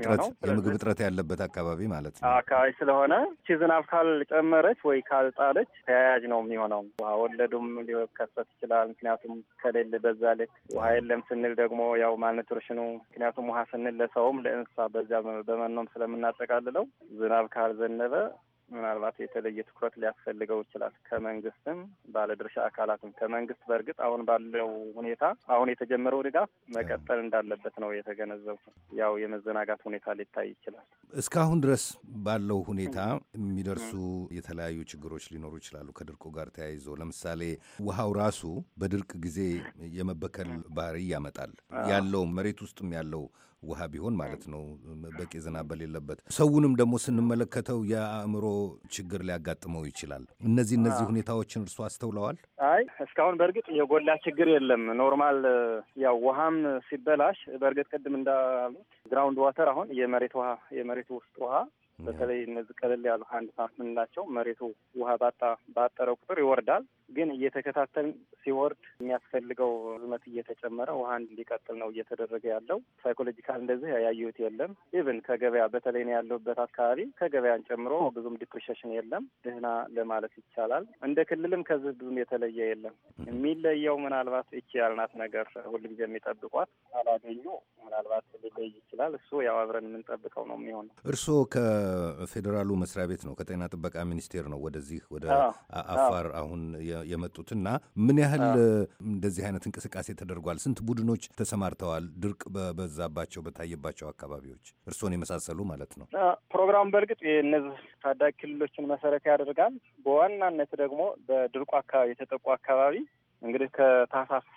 የምግብ እጥረት ያለበት አካባቢ ማለት ነው አካባቢ ስለሆነ ዝናብ ካልጨመረች ወይ ካልጣለች ተያያዥ ነው የሚሆነው። ውሃ ወለዱም ሊከሰት ይችላል። ምክንያቱም ከሌለ በዛ ልክ ውሃ የለም ስንል ደግሞ ያው ማልኑትሪሽኑ ምክንያቱም ውሃ ስንል ለሰውም ለእንስሳ በዚያ በመኖም ስለምናጠቃልለው ዝናብ ካልዘነበ ምናልባት የተለየ ትኩረት ሊያስፈልገው ይችላል። ከመንግስትም ባለድርሻ አካላትም ከመንግስት በእርግጥ አሁን ባለው ሁኔታ አሁን የተጀመረው ድጋፍ መቀጠል እንዳለበት ነው የተገነዘቡ። ያው የመዘናጋት ሁኔታ ሊታይ ይችላል። እስካሁን ድረስ ባለው ሁኔታ የሚደርሱ የተለያዩ ችግሮች ሊኖሩ ይችላሉ። ከድርቁ ጋር ተያይዞ ለምሳሌ ውሃው ራሱ በድርቅ ጊዜ የመበከል ባህሪ ያመጣል። ያለው መሬት ውስጥም ያለው ውሃ ቢሆን ማለት ነው፣ በቂ ዝናብ በሌለበት። ሰውንም ደግሞ ስንመለከተው የአእምሮ ችግር ሊያጋጥመው ይችላል። እነዚህ እነዚህ ሁኔታዎችን እርሱ አስተውለዋል? አይ እስካሁን በእርግጥ የጎላ ችግር የለም። ኖርማል ያው ውሃም ሲበላሽ በእርግጥ ቅድም እንዳሉት ግራውንድ ዋተር አሁን የመሬት ውሃ የመሬት ውስጥ ውሃ በተለይ እነዚህ ቀለል ያሉ ሀንድ ፓምፕ የምንላቸው መሬቱ ውሃ ባጣ ባጠረ ቁጥር ይወርዳል። ግን እየተከታተልን ሲወርድ የሚያስፈልገው ህመት እየተጨመረ ውሃ እንዲቀጥል ነው እየተደረገ ያለው። ሳይኮሎጂካል እንደዚህ ያየሁት የለም። ኢቭን ከገበያ በተለይ ነው ያለሁበት አካባቢ ከገበያን ጨምሮ ብዙም ዲፕሬሽን የለም። ድህና ለማለት ይቻላል። እንደ ክልልም ከዚህ ብዙም የተለየ የለም። የሚለየው ምናልባት እቺ ያልናት ነገር ሁልጊዜ የሚጠብቋት አላገኙ ምናልባት ሊለይ ይችላል። እሱ ያው አብረን የምንጠብቀው ነው የሚሆነው። እርስዎ ከፌዴራሉ መስሪያ ቤት ነው ከጤና ጥበቃ ሚኒስቴር ነው ወደዚህ ወደ አፋር አሁን የመጡትና ምን ያህል እንደዚህ አይነት እንቅስቃሴ ተደርጓል? ስንት ቡድኖች ተሰማርተዋል? ድርቅ በበዛባቸው በታየባቸው አካባቢዎች እርስዎን የመሳሰሉ ማለት ነው። ፕሮግራሙ በእርግጥ የእነዚህ ታዳጊ ክልሎችን መሰረት ያደርጋል። በዋናነት ደግሞ በድርቁ አካባቢ የተጠቁ አካባቢ እንግዲህ ከታህሳስ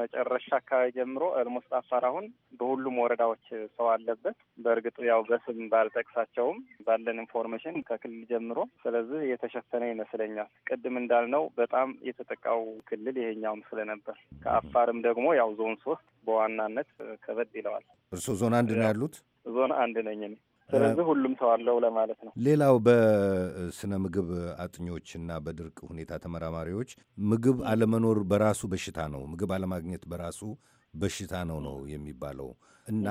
መጨረሻ አካባቢ ጀምሮ ኦልሞስት አፋር አሁን በሁሉም ወረዳዎች ሰው አለበት። በእርግጥ ያው በስም ባልጠቅሳቸውም ባለን ኢንፎርሜሽን ከክልል ጀምሮ ስለዚህ የተሸፈነ ይመስለኛል። ቅድም እንዳልነው በጣም የተጠቃው ክልል ይሄኛውም ስለነበር ከአፋርም ደግሞ ያው ዞን ሶስት በዋናነት ከበድ ይለዋል። እርስዎ ዞን አንድ ነው ያሉት? ዞን አንድ ነኝ እኔ። ስለዚህ ሁሉም ሰው አለው ለማለት ነው። ሌላው በስነ ምግብ ና በድርቅ ሁኔታ ተመራማሪዎች ምግብ አለመኖር በራሱ በሽታ ነው፣ ምግብ አለማግኘት በራሱ በሽታ ነው ነው የሚባለው እና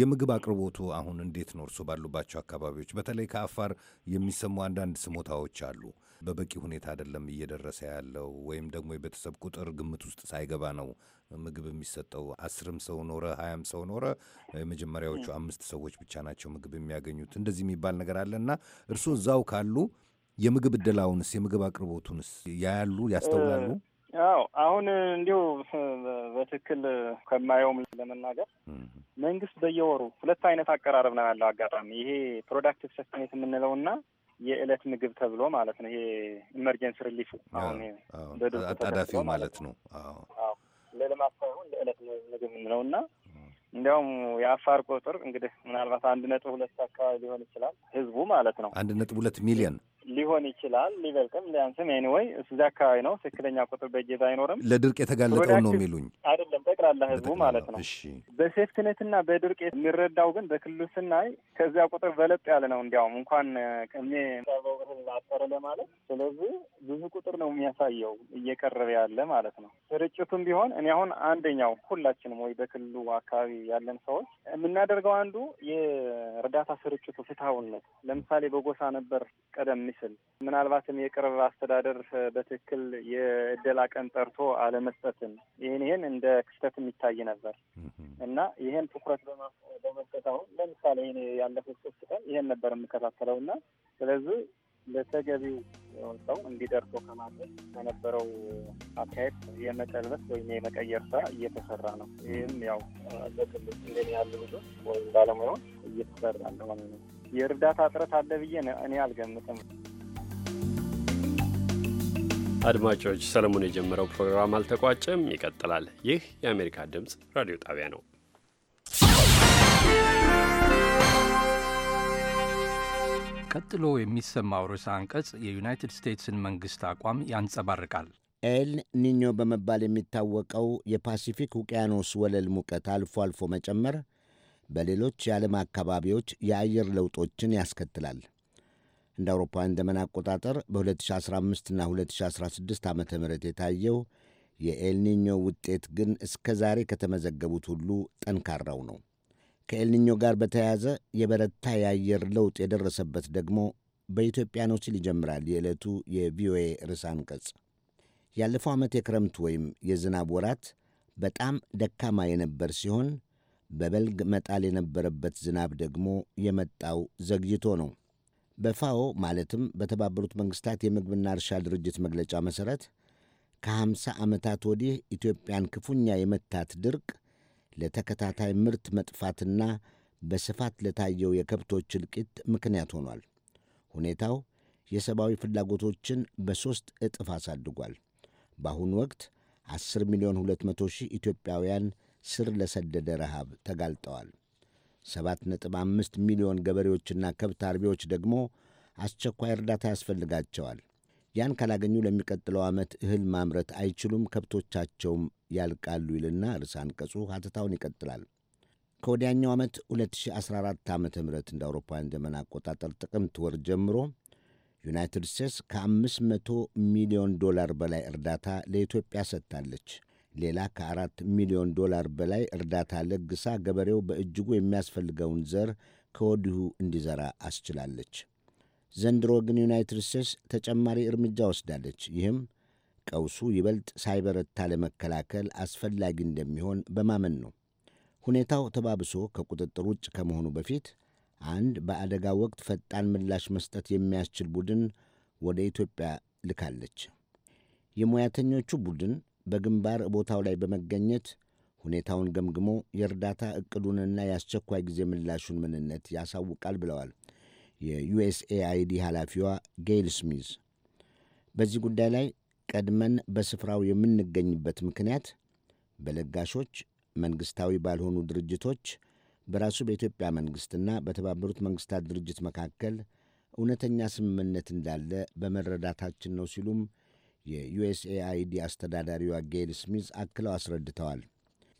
የምግብ አቅርቦቱ አሁን እንዴት ነው እርሶ ባሉባቸው አካባቢዎች? በተለይ ከአፋር የሚሰሙ አንዳንድ ስሞታዎች አሉ። በበቂ ሁኔታ አይደለም እየደረሰ ያለው ወይም ደግሞ የቤተሰብ ቁጥር ግምት ውስጥ ሳይገባ ነው ምግብ የሚሰጠው። አስርም ሰው ኖረ ሀያም ሰው ኖረ የመጀመሪያዎቹ አምስት ሰዎች ብቻ ናቸው ምግብ የሚያገኙት። እንደዚህ የሚባል ነገር አለ እና እርስዎ እዛው ካሉ የምግብ እደላውንስ የምግብ አቅርቦቱንስ ያያሉ ያስተውላሉ? አዎ አሁን እንዲሁ በትክክል ከማየውም ለመናገር መንግስት በየወሩ ሁለት አይነት አቀራረብ ነው ያለው። አጋጣሚ ይሄ ፕሮዳክቲቭ ሰስተኔት የምንለው እና የእለት ምግብ ተብሎ ማለት ነው። ይሄ ኢመርጀንስ ሪሊፍ አሁን አጣዳፊው ማለት ነው። ለልማት ሳይሆን ለእለት ምግብ ነው እና እንዲያውም የአፋር ቁጥር እንግዲህ ምናልባት አንድ ነጥብ ሁለት አካባቢ ሊሆን ይችላል ህዝቡ ማለት ነው። አንድ ነጥብ ሁለት ሚሊዮን ሊሆን ይችላል፣ ሊበልቅም ሊያንስም። ኤኒዌይ እዚያ አካባቢ ነው። ትክክለኛ ቁጥር በእጄ አይኖርም። ለድርቅ የተጋለጠው ነው የሚሉኝ አይደለም፣ ጠቅላላ ህዝቡ ማለት ነው። በሴፍትነትና በድርቅ የሚረዳው ግን በክልሉ ስናይ ከዚያ ቁጥር በለጥ ያለ ነው። እንዲያውም እንኳን ከሜ አጠረ ለማለት ስለዚህ ብዙ ቁጥር ነው የሚያሳየው እየቀረበ ያለ ማለት ነው። ስርጭቱም ቢሆን እኔ አሁን አንደኛው ሁላችንም ወይ በክልሉ አካባቢ ያለን ሰዎች የምናደርገው አንዱ የእርዳታ ስርጭቱ ፍትሐውነት ለምሳሌ በጎሳ ነበር ቀደም የሚችል ምናልባትም የቅርብ አስተዳደር በትክክል የእደላ ቀን ጠርቶ አለመስጠትን ይህን ይህን እንደ ክስተት የሚታይ ነበር እና ይህን ትኩረት በመስጠት አሁን ለምሳሌ ይህን ያለፉት ሶስት ቀን ይህን ነበር የምከታተለው እና ስለዚህ ለተገቢው ሰው እንዲደርሶ ከማድረግ ከነበረው አካሄድ የመቀልበስ ወይም የመቀየር ስራ እየተሰራ ነው። ይህም ያው በክልል እንደኔ ያሉ ብዙ ወይም ባለሙያዎች እየተሰራ እንደሆነ ነው። የእርዳታ እጥረት አለ ብዬ እኔ አልገምትም። አድማጮች፣ ሰለሞን የጀመረው ፕሮግራም አልተቋጨም፣ ይቀጥላል። ይህ የአሜሪካ ድምፅ ራዲዮ ጣቢያ ነው። ቀጥሎ የሚሰማው ርዕሰ አንቀጽ የዩናይትድ ስቴትስን መንግሥት አቋም ያንጸባርቃል። ኤል ኒኞ በመባል የሚታወቀው የፓሲፊክ ውቅያኖስ ወለል ሙቀት አልፎ አልፎ መጨመር በሌሎች የዓለም አካባቢዎች የአየር ለውጦችን ያስከትላል። እንደ አውሮፓውያን ዘመን አቆጣጠር በ2015 እና 2016 ዓ ም የታየው የኤልኒኞ ውጤት ግን እስከ ዛሬ ከተመዘገቡት ሁሉ ጠንካራው ነው። ከኤልኒኞ ጋር በተያያዘ የበረታ የአየር ለውጥ የደረሰበት ደግሞ በኢትዮጵያ ነው ሲል ይጀምራል የዕለቱ የቪኦኤ ርዕሰ አንቀጽ። ያለፈው ዓመት የክረምት ወይም የዝናብ ወራት በጣም ደካማ የነበር ሲሆን በበልግ መጣል የነበረበት ዝናብ ደግሞ የመጣው ዘግይቶ ነው። በፋኦ ማለትም በተባበሩት መንግስታት የምግብና እርሻ ድርጅት መግለጫ መሠረት ከ50 ዓመታት ወዲህ ኢትዮጵያን ክፉኛ የመታት ድርቅ ለተከታታይ ምርት መጥፋትና በስፋት ለታየው የከብቶች እልቂት ምክንያት ሆኗል። ሁኔታው የሰብአዊ ፍላጎቶችን በሦስት እጥፍ አሳድጓል። በአሁኑ ወቅት 10 ሚሊዮን 200 ሺህ ኢትዮጵያውያን ስር ለሰደደ ረሃብ ተጋልጠዋል። 7.5 ሚሊዮን ገበሬዎችና ከብት አርቢዎች ደግሞ አስቸኳይ እርዳታ ያስፈልጋቸዋል። ያን ካላገኙ ለሚቀጥለው ዓመት እህል ማምረት አይችሉም፣ ከብቶቻቸውም ያልቃሉ ይልና ርዕሰ አንቀጹ ሀተታውን ይቀጥላል። ከወዲያኛው ዓመት 2014 ዓ ም እንደ አውሮፓውያን ዘመን አቆጣጠር ጥቅምት ወር ጀምሮ ዩናይትድ ስቴትስ ከ500 ሚሊዮን ዶላር በላይ እርዳታ ለኢትዮጵያ ሰጥታለች። ሌላ ከአራት ሚሊዮን ዶላር በላይ እርዳታ ለግሳ ገበሬው በእጅጉ የሚያስፈልገውን ዘር ከወዲሁ እንዲዘራ አስችላለች። ዘንድሮ ግን ዩናይትድ ስቴትስ ተጨማሪ እርምጃ ወስዳለች። ይህም ቀውሱ ይበልጥ ሳይበረታ ለመከላከል አስፈላጊ እንደሚሆን በማመን ነው። ሁኔታው ተባብሶ ከቁጥጥር ውጭ ከመሆኑ በፊት አንድ በአደጋ ወቅት ፈጣን ምላሽ መስጠት የሚያስችል ቡድን ወደ ኢትዮጵያ ልካለች። የሙያተኞቹ ቡድን በግንባር ቦታው ላይ በመገኘት ሁኔታውን ገምግሞ የእርዳታ ዕቅዱንና የአስቸኳይ ጊዜ ምላሹን ምንነት ያሳውቃል ብለዋል የዩኤስኤአይዲ ኃላፊዋ ጌይል ስሚዝ። በዚህ ጉዳይ ላይ ቀድመን በስፍራው የምንገኝበት ምክንያት በለጋሾች መንግሥታዊ ባልሆኑ ድርጅቶች በራሱ በኢትዮጵያ መንግሥትና በተባበሩት መንግሥታት ድርጅት መካከል እውነተኛ ስምምነት እንዳለ በመረዳታችን ነው ሲሉም የዩኤስኤአይዲ አስተዳዳሪዋ ጌል ስሚዝ አክለው አስረድተዋል።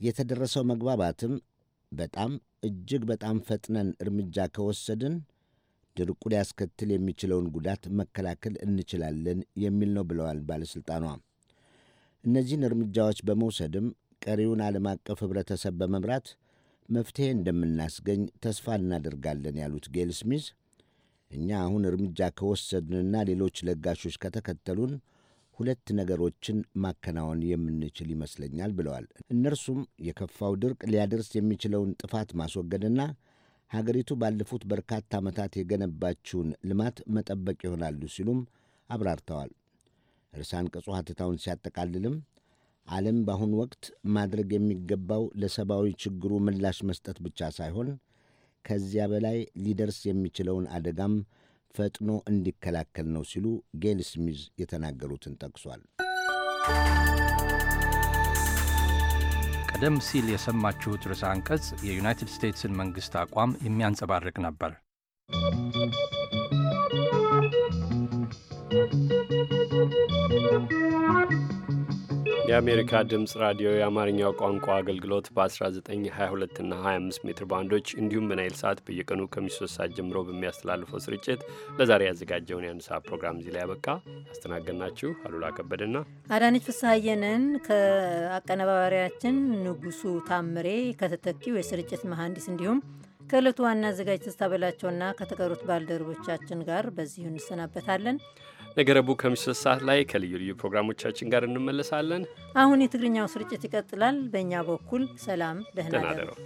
የተደረሰው መግባባትም በጣም እጅግ በጣም ፈጥነን እርምጃ ከወሰድን ድርቁ ሊያስከትል የሚችለውን ጉዳት መከላከል እንችላለን የሚል ነው ብለዋል ባለሥልጣኗ። እነዚህን እርምጃዎች በመውሰድም ቀሪውን ዓለም አቀፍ ኅብረተሰብ በመምራት መፍትሔ እንደምናስገኝ ተስፋ እናደርጋለን ያሉት ጌል ስሚዝ እኛ አሁን እርምጃ ከወሰድንና ሌሎች ለጋሾች ከተከተሉን ሁለት ነገሮችን ማከናወን የምንችል ይመስለኛል ብለዋል። እነርሱም የከፋው ድርቅ ሊያደርስ የሚችለውን ጥፋት ማስወገድና ሀገሪቱ ባለፉት በርካታ ዓመታት የገነባችውን ልማት መጠበቅ ይሆናሉ ሲሉም አብራርተዋል። ርዕሰ አንቀጹ ሐተታውን ሲያጠቃልልም ዓለም በአሁኑ ወቅት ማድረግ የሚገባው ለሰብአዊ ችግሩ ምላሽ መስጠት ብቻ ሳይሆን ከዚያ በላይ ሊደርስ የሚችለውን አደጋም ፈጥኖ እንዲከላከል ነው ሲሉ ጌል ስሚዝ የተናገሩትን ጠቅሷል። ቀደም ሲል የሰማችሁት ርዕሰ አንቀጽ የዩናይትድ ስቴትስን መንግሥት አቋም የሚያንጸባርቅ ነበር። የአሜሪካ ድምፅ ራዲዮ የአማርኛው ቋንቋ አገልግሎት በ1922 እና 25 ሜትር ባንዶች እንዲሁም በናይል ሰዓት በየቀኑ ከምሽቱ ሶስት ሰዓት ጀምሮ በሚያስተላልፈው ስርጭት ለዛሬ ያዘጋጀውን የአንድ ሰዓት ፕሮግራም እዚህ ላይ ያበቃ። ያስተናገድናችሁ አሉላ ከበደና አዳነች ፍስሐየንን ከአቀነባባሪያችን ንጉሱ ታምሬ ከተተኪው የስርጭት መሐንዲስ እንዲሁም ከእለቱ ዋና አዘጋጅ ተስታበላቸውና ከተቀሩት ባልደረቦቻችን ጋር በዚሁ እንሰናበታለን። ነገ ረቡዕ ከምሽቱ ሶስት ሰዓት ላይ ከልዩ ልዩ ፕሮግራሞቻችን ጋር እንመለሳለን። አሁን የትግርኛው ስርጭት ይቀጥላል። በእኛ በኩል ሰላም፣ ደህና ደሩ።